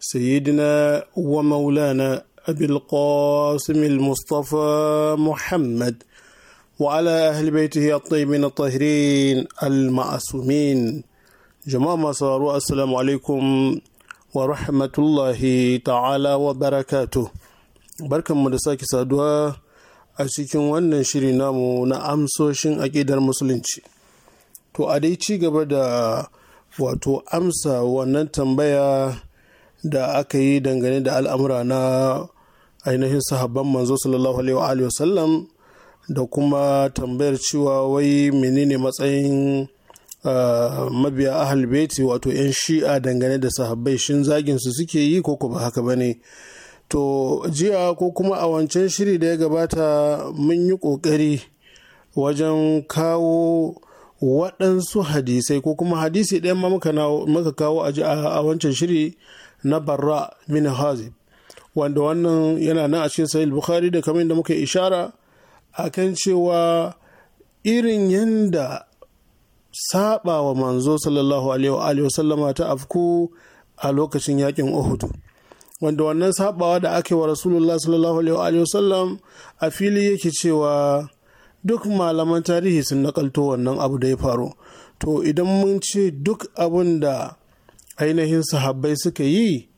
سيدنا ومولانا أبي القاسم المصطفى محمد وعلى أهل بيته الطيبين الطاهرين المعصومين jama'a masu sauraro assalamu alaikum wa rahmatullahi ta'ala wa barakatu mu da sake saduwa a cikin wannan shiri namu na amsoshin aƙidar musulunci to a dai ci gaba da wato amsa wannan tambaya da aka yi dangane da al'amura na ainihin sahabban manzo sallallahu alaihi wa sallam da kuma tambayar cewa wai menene matsayin mabiya ahal beti wato 'yan shi'a dangane da sahabbai shin zagin su suke yi ko ba haka ba ne to jiya ko kuma a wancan shiri da ya gabata mun yi ƙoƙari wajen kawo waɗansu hadisai ko kuma hadisi ɗaya ma muka kawo a wancan shiri na barra min hazib wanda wannan yana nan a cikin sahih bukhari da kamar da muka ishara akan cewa irin yanda saba wa manzo sallallahu alaihi wa sallama ta afku a lokacin yakin Uhud wanda wannan sabawa da aka yi wa rasulullah sallallahu alaihi wa sallam a fili yake cewa duk malaman tarihi sun nakalto wannan abu da ya faru to idan mun ce duk abin da ainihin sahabbai suka yi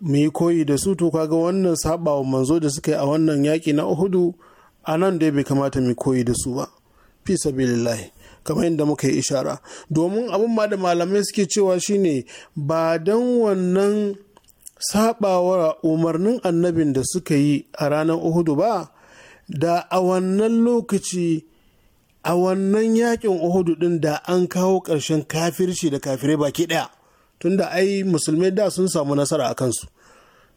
mu yi koyi da su to kaga wannan sabawa manzo da suka yi a wannan yaki na uhudu a nan dai bai kamata mu koyi da su ba fi sabilillahi kamar yadda muka yi ishara domin abin ma da malamai suke cewa shine ba don wannan sabawa umarnin annabin da suka yi a ranar uhudu ba da a wannan lokaci a wannan yakin uhudu din da an kawo ƙarshen kafirci da kafirai baki ɗaya tunda ai musulmai da sun samu nasara a kansu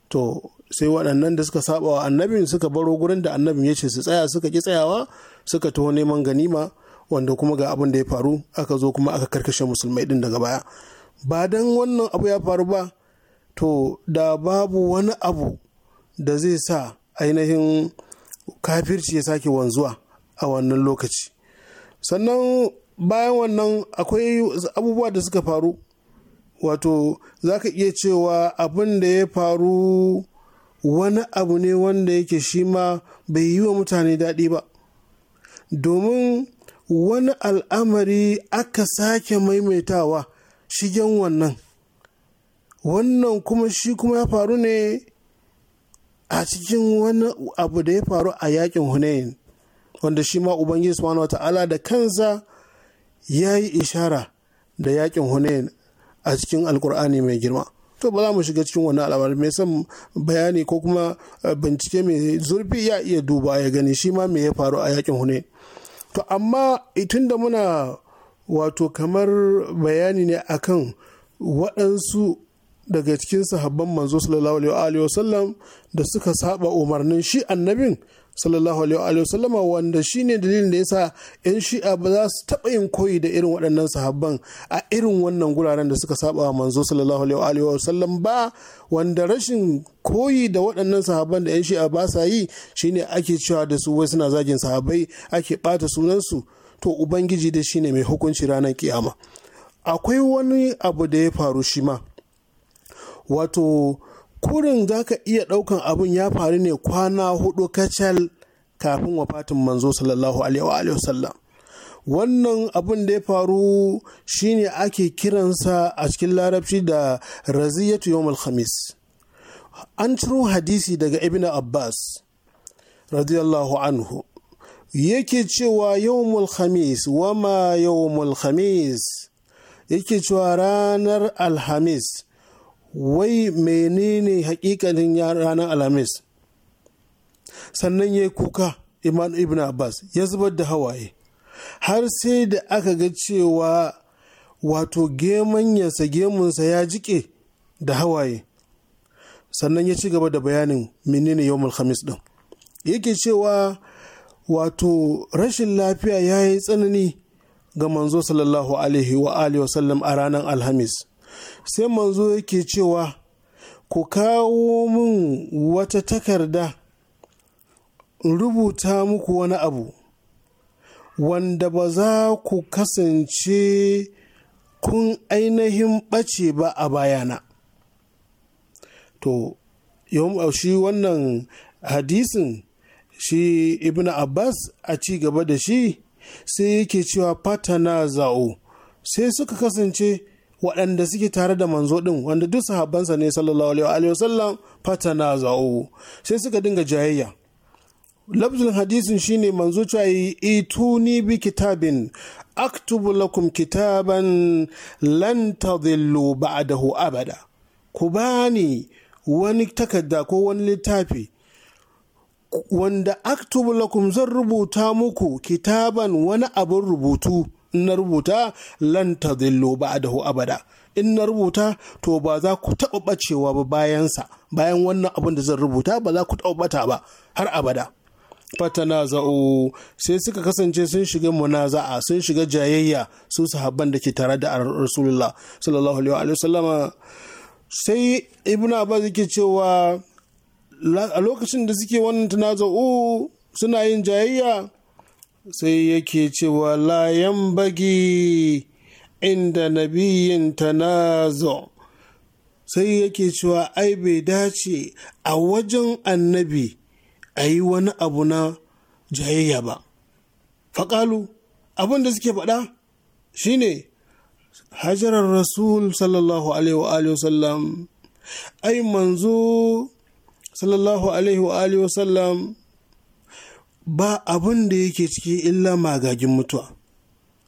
to sai waɗannan da suka sabawa annabin suka baro gurin da annabin ya ce su tsaya suka ki tsayawa suka taho neman ganima wanda kuma ga abin da ya faru aka zo kuma aka karkashe musulmai din daga baya ba dan wannan abu ya faru ba to da babu wani abu da zai sa ainihin kafirci ya sake wanzuwa a wannan lokaci sannan bayan wannan akwai abubuwa da suka faru wato za ka iya cewa abin da ya faru wani abu ne wanda yake shi ma bai yi wa mutane daɗi ba domin wani al'amari aka sake maimaitawa shigen wannan wannan kuma shi kuma ya faru ne a cikin wani abu da ya faru a yakin hunayen wanda shi ma ubangiji subhanahu wa ta'ala da kansa ya yi ishara da yakin hunayen a cikin alkur'ani mai girma to ba za mu shiga cikin wani al'amari mai son bayani ko kuma eh, bincike mai zurfi ya iya duba ya gani shi ma me ya faru a yakin hunayen to amma itin da muna wato kamar bayani ne akan waɗansu daga cikin sahabban manzo sallallahu alaihi wasallam da suka saba umarnin shi annabin sallallahu alaihi wa sallama wanda shine dalilin da yasa yan shi'a ba za su taɓa yin koyi da irin waɗannan sahabban a irin wannan guraren da suka saba wa manzo sallallahu alaihi wa sallam ba wanda rashin koyi da waɗannan sahabban da yan shi'a ba sa yi shine ake cewa da su wai suna zagin sahabbai ake ɓata sunansu to ubangiji da shine mai hukunci ranar kiyama akwai wani abu da ya faru shi ma wato kurin za ka iya ɗaukan abin ya faru ne kwana hudu kacal kafin wafatin manzo sallallahu alaihi wa sallam. wannan abin da ya faru shine ake kiransa a cikin larabci da raziyatu yawmul khamis an ciro hadisi daga ibn abbas radiyallahu anhu yake cewa yawmul khamis wama yawmul khamis yake cewa ranar alhamis wai menene hakikalin ranar alhamis sannan ya yi kuka iman ibn abbas ya zubar da hawaye har sai da aka ga cewa wato gemanyansa gemunsa ya jike da hawaye sannan ya ci gaba da bayanin menene yawon khamis din yake cewa wato rashin lafiya ya yi tsanani ga manzo sallallahu alaihi wa alihi wasallam a ranar alhamis sai manzo yake cewa ku kawo min wata takarda rubuta muku wani abu wanda ba za ku kasance kun ainihin ɓace ba a bayana to shi wannan hadisin shi ibn abbas a ci gaba da shi sai yake cewa fatana za'o sai suka kasance waɗanda suke tare da manzo ɗin wanda duk sahabbansa ne sallallahu alaihi wa fata fatana zawo sai suka dinga jayayya lafzin hadisin shine manzo cewa ituni bi kitabin aktubu lakum kitaban lan tadhillu ba'dahu abada ku bani wani takarda ko wani littafi wanda aktubu lakum zan rubuta muku kitaban wani abin rubutu in na rubuta lan a dahu abada in na rubuta to ba za ku taɓa ɓacewa ba bayansa bayan wannan abin da zan rubuta ba za ku taɓa ɓata ba har abada fatana za'o, sai suka kasance sun shiga munaza'a sun shiga jayayya su sahabban da ke tare da rasulullah sallallahu alaihi wa sallama sai ibnu abbas yake cewa a lokacin da suke wannan tanaza'u suna yin jayayya sai yake cewa layan bagi inda nabiyin nazo, sai yake cewa ai bai dace a wajen annabi a yi wani abu na jayayya ba faƙalu abin da suke faɗa shine hajarar rasul sallallahu alaihi wa sallam ai manzo sallallahu alaihi wa sallam ba abin da yake ciki illa magagin mutuwa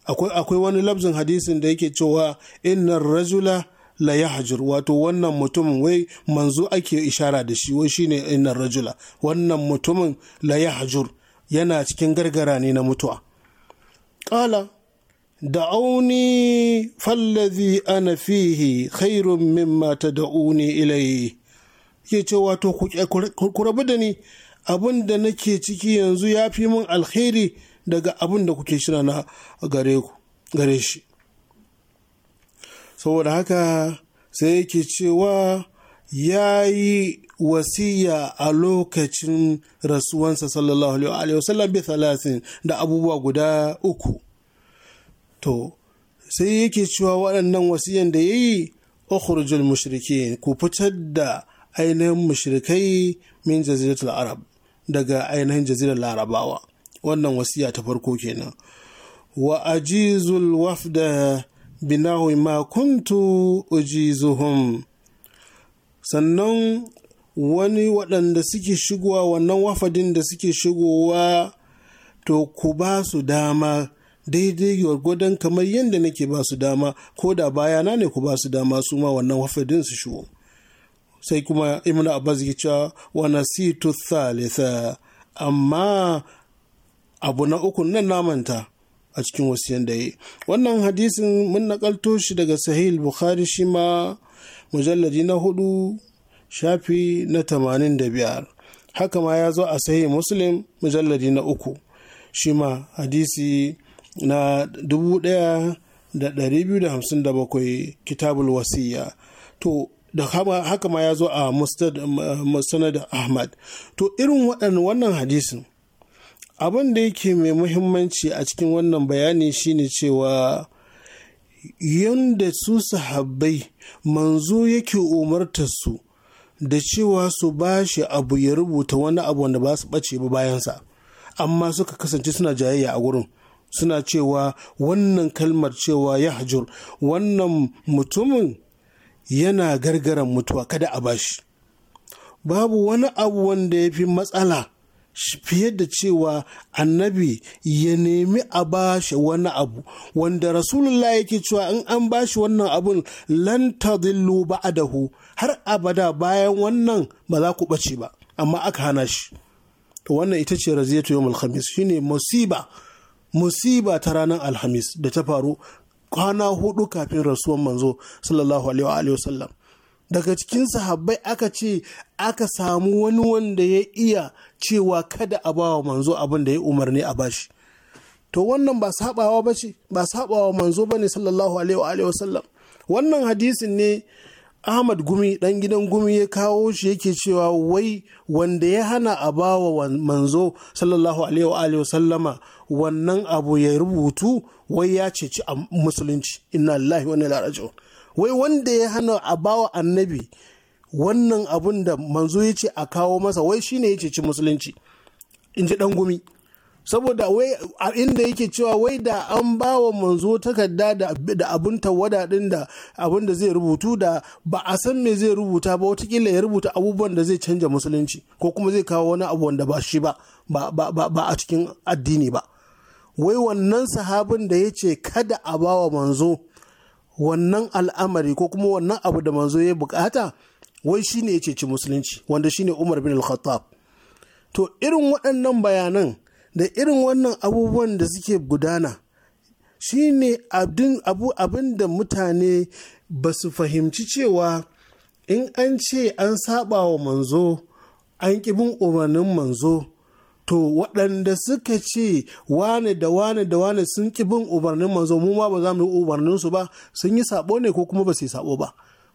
akwai wani labzin hadisin da yake cewa innar rajula la yahjur wato wannan mutumin wai manzo ake ishara da shi wai shine innar rajula wannan mutumin la yahjur yana cikin gargara ne na mutuwa da auni fallazi ana fihi khairun mimma tad'uni ilayhi cewa wato ku rabu da ni abin da nake ciki yanzu ya fi min alheri daga abin da kuke shira na gare shi saboda haka sai yake cewa ya yi wasiya a lokacin rasuwansa sallallahu alaihi wasallam bi da abubuwa guda uku to sai yake cewa waɗannan wasiyan da ya yi ukhrijul mushrikin ku fitar da ainihin mushrikai min jaziratul arab daga ainihin jazirar larabawa wannan wasiya ta farko kenan wa ajizul wafda binahu ma kuntu ujizuhum sannan wani waɗanda suke shigowa wannan wafadin da suke shigowa to ku ba su dama daidai gwargwadon kamar yadda nake ba su dama ko da bayana ne ku ba su dama su ma wannan wafadin su shigo sai kuma ibn abbas ya cewa wa nasitu thalitha amma abu na uku nan namanta a cikin wasiyan da yi wannan hadisin mun nakalto shi daga sahih bukhari shi ma mujalladi na hudu shafi na tamanin da biyar haka ma ya zo a sahih muslim mujalladi na uku shi ma hadisi na dubu daya da 257 kitabul wasiya to da haka ma ya zo a musnad ahmad to irin waɗannan wannan hadisin abin da yake mai muhimmanci a cikin wannan bayani shine cewa yadda su sahabbai manzo yake umartar su da cewa su ba shi abu ya rubuta wani abu wanda ba su ɓace ba bayansa amma suka kasance suna jayayya a gurin suna cewa wannan kalmar cewa ya hajur wannan mutumin yana gargaran mutuwa kada a bashi babu wani abu wanda ya fi matsala fiye da cewa annabi ya nemi a bashi wani abu wanda rasulullah yake cewa in an bashi wannan abun ba a dahu har abada bayan wannan ba za ku bace ba amma aka hana shi to wannan ita ce raziyatu yawmul khamis shine musiba musiba ta ranar alhamis da ta faru kwana hudu kafin rasuwan manzo sallallahu alaihi wa sallam daga cikin sahabbai aka ce aka samu wani wanda ya iya cewa kada a bawa manzo abin da ya umarni a bashi to wannan ba sabawa ba ce ba sabawa manzo ba sallallahu alaihi wa sallam wannan hadisin ne ahmad gumi ɗan gidan gumi ya kawo shi yake cewa wai wanda ya hana a bawa manzo sallallahu alaihi wa sallama wannan abu ya rubutu wai ya ceci a musulunci inna lillahi wa inna wai wanda ya hana a bawa annabi wannan abun da manzo ya ce a kawo masa wai shine ya ceci musulunci in ji dan gumi saboda wai a inda yake cewa wai da an ba wa manzo takarda da abun tawada din da abun da zai rubutu da ba a san me zai rubuta ba watakila ya rubuta abubuwan da zai canja musulunci ko kuma zai kawo wani abu wanda ba shi ba ba a cikin addini ba wai wannan sahabin da ya ce kada a ba wa manzo wannan al'amari ko kuma wannan abu da manzo ya bukata wai shine ya ci musulunci wanda shine umar bin al-khattab to irin waɗannan bayanan da irin wannan abubuwan da suke gudana shi ne abin da mutane ba su fahimci cewa in an ce an saba wa manzo an bin umarnin manzo to waɗanda suka ce wane da wane da wane sun bin umarnin manzo mu ma ba za mu yi umarninsu ba sun yi sabo ne ko kuma ba su yi sabo ba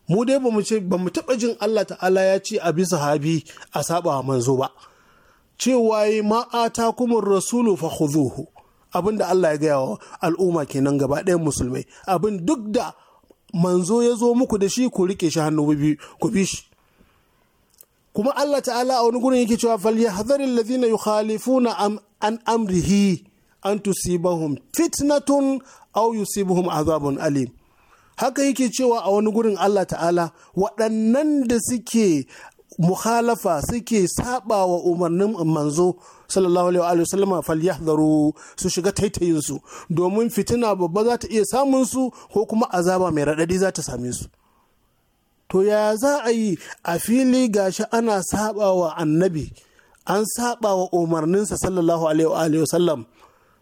mu dai ba mu taɓa jin allah ta'ala ya ce a bi sahabi a saba wa manzo ba cewa yi ma'ata kuma rasulu fa khuzuhu abin da Allah ya gaya wa al'umma kenan gaba ɗaya musulmai abin duk da manzo ya zo muku da shi ku rike shi hannu biyu ku bi shi kuma Allah ta'ala a wani gurin yake cewa falyahdhar alladhina na an amrihi an tusibahum fitnatun aw yusibuhum azabun alim haka yake cewa a wani gurin Allah ta'ala waɗannan da suke muhalafa suke saba wa umarnin manzo sallallahu alaihi wa sallama falyahdharu su shiga taitayinsu domin fitina babba za ta iya samun su ko kuma azaba mai raɗaɗi za ta same su to ya za a yi a fili gashi ana saba wa annabi an saba wa umarninsa sallallahu alaihi wa sallam,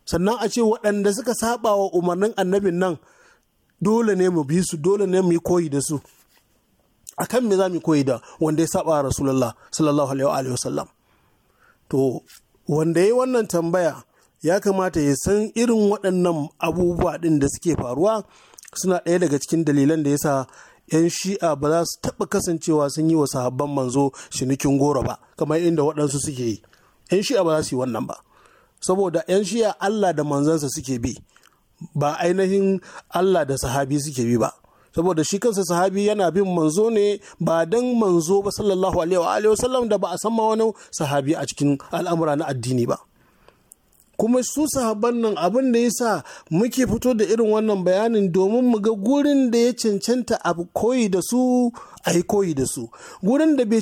sannan a ce waɗanda suka saba wa umarnin annabin nan dole ne mu bi su dole ne mu yi koyi da su A kan me za mu koyi da wanda ya saba rasulullah sallallahu alaihi wasallam to wanda ya yi wannan tambaya ya kamata ya san irin waɗannan abubuwa ɗin da suke faruwa suna ɗaya daga cikin dalilan da ya sa 'yan shi'a ba za su taɓa kasancewa sun yi wa sahabban manzo shinikin goro ba kamar inda waɗansu suke yi 'yan shi'a ba za su yi wannan ba saboda 'yan shi'a allah da manzansa suke bi ba ainihin allah da sahabi suke bi ba saboda shi kansa sahabi yana bin manzo ne ba dan manzo ba sallallahu alaihi wa sallam da ba a san ma wani sahabi a cikin al'amura na addini ba kuma su sahabban nan abin da ya sa muke fito da irin wannan bayanin domin mu ga gurin da ya cancanta a koyi da su a yi koyi da su gurin da bai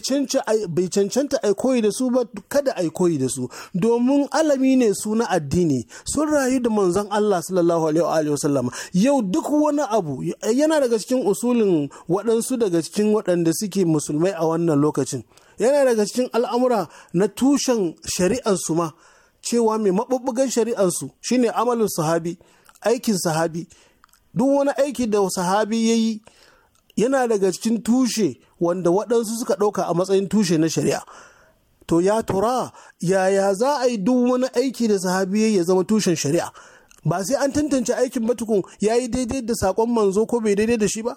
cancanta a koyi da su ba kada a koyi da su domin alami ne su na addini sun rayu da manzon Allah sallallahu alaihi wasallam yau duk wani abu yana daga cikin usulin waɗansu daga cikin waɗanda suke musulmai a wannan lokacin yana daga cikin al'amura na tushen shari'ar su ma cewa mai maɓuɓɓugan shari'ansu shine amalin sahabi aikin sahabi duk wani aiki da sahabi ya yi yana daga cikin tushe wanda waɗansu suka ɗauka a matsayin tushe na shari'a to ya tura yaya za a yi duk wani aiki da sahabi ya zama tushen shari'a ba sai an tantance aikin batukun ya yi daidai da saƙon manzo ko bai daidai da shi ba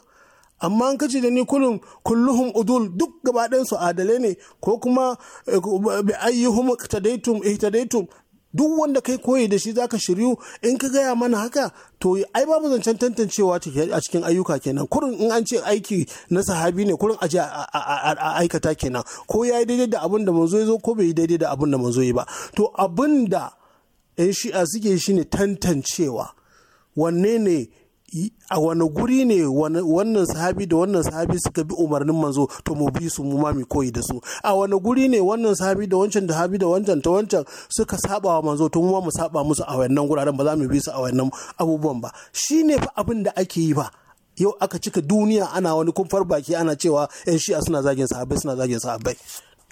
amma an kace da ni kullum kulluhum udul duk gaba su adale ne ko kuma eh, bi ayyuhum ihtadaitum ihtadaytum duk wanda kai koyi da shi zaka shiryu in ka gaya mana haka to ai babu zancen tantancewa a cikin ayyuka kenan kurin in an ce aiki na sahabi ne kurin aje a aikata kenan ko yayi daidai da abin da manzo yazo ko bai yi daidai da abin da manzo yi ba to abin da yan shi'a suke shine tantancewa wanne ne a wani guri ne wannan sahabi da wannan sahabi suka bi umarnin manzo to mu bi su mu ma mu koyi da su a wani guri ne wannan sahabi da wancan da habi da wancan ta wancan suka saba wa manzo to mu ma mu saba musu a wannan guraren ba za mu bi su a wannan abubuwan ba shine fa abin da ake yi ba yau aka cika duniya ana wani kumfar baki ana cewa yan shi'a suna zagin sahabbai suna zagin sahabbai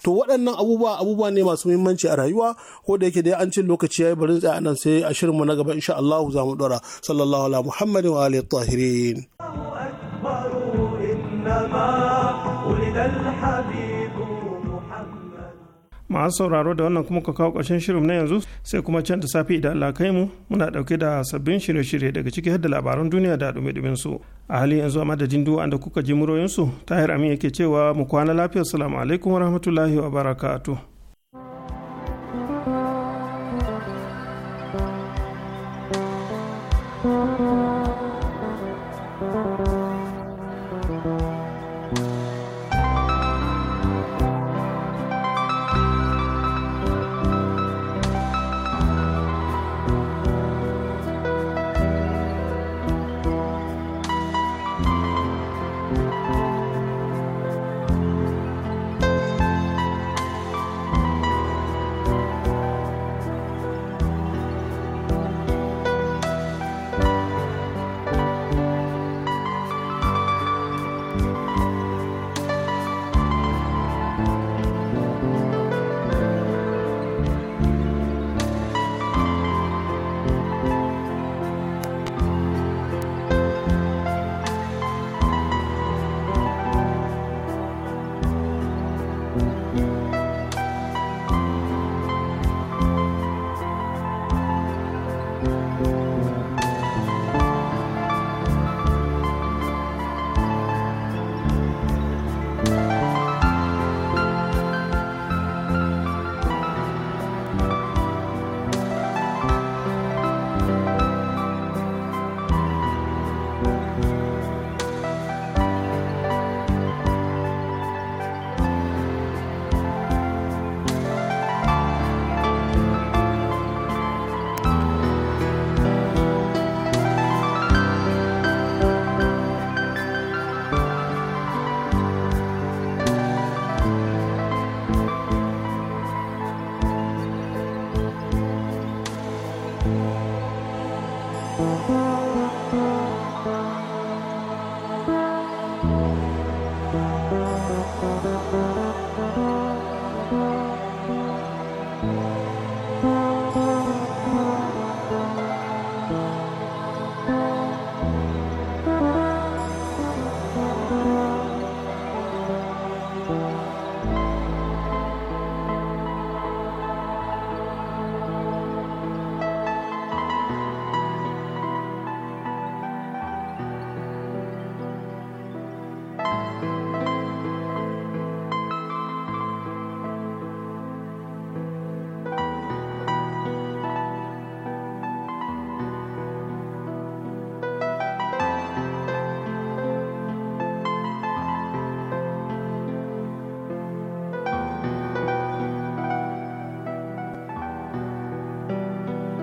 to waɗannan abubuwa abubuwa ne masu muhimmanci a rayuwa ko da yake dai an cin lokaci yayi barin tsaya nan sai a shirinmu na gaba insha Allah za mu dora sallallahu alaihi muhammadin wa alihi tahirin masu sauraro da wannan kuma ka kawo ƙarshen shirin na yanzu sai kuma can da safe idan Allah kai mu muna ɗauke da sabbin shirye-shirye daga ciki da labaran duniya da dumin su a halin yanzu a madadin duwa da kuka ji muroyinsu tahir amin yake cewa mu kwana lafiya salamu alaikum wa barakatu.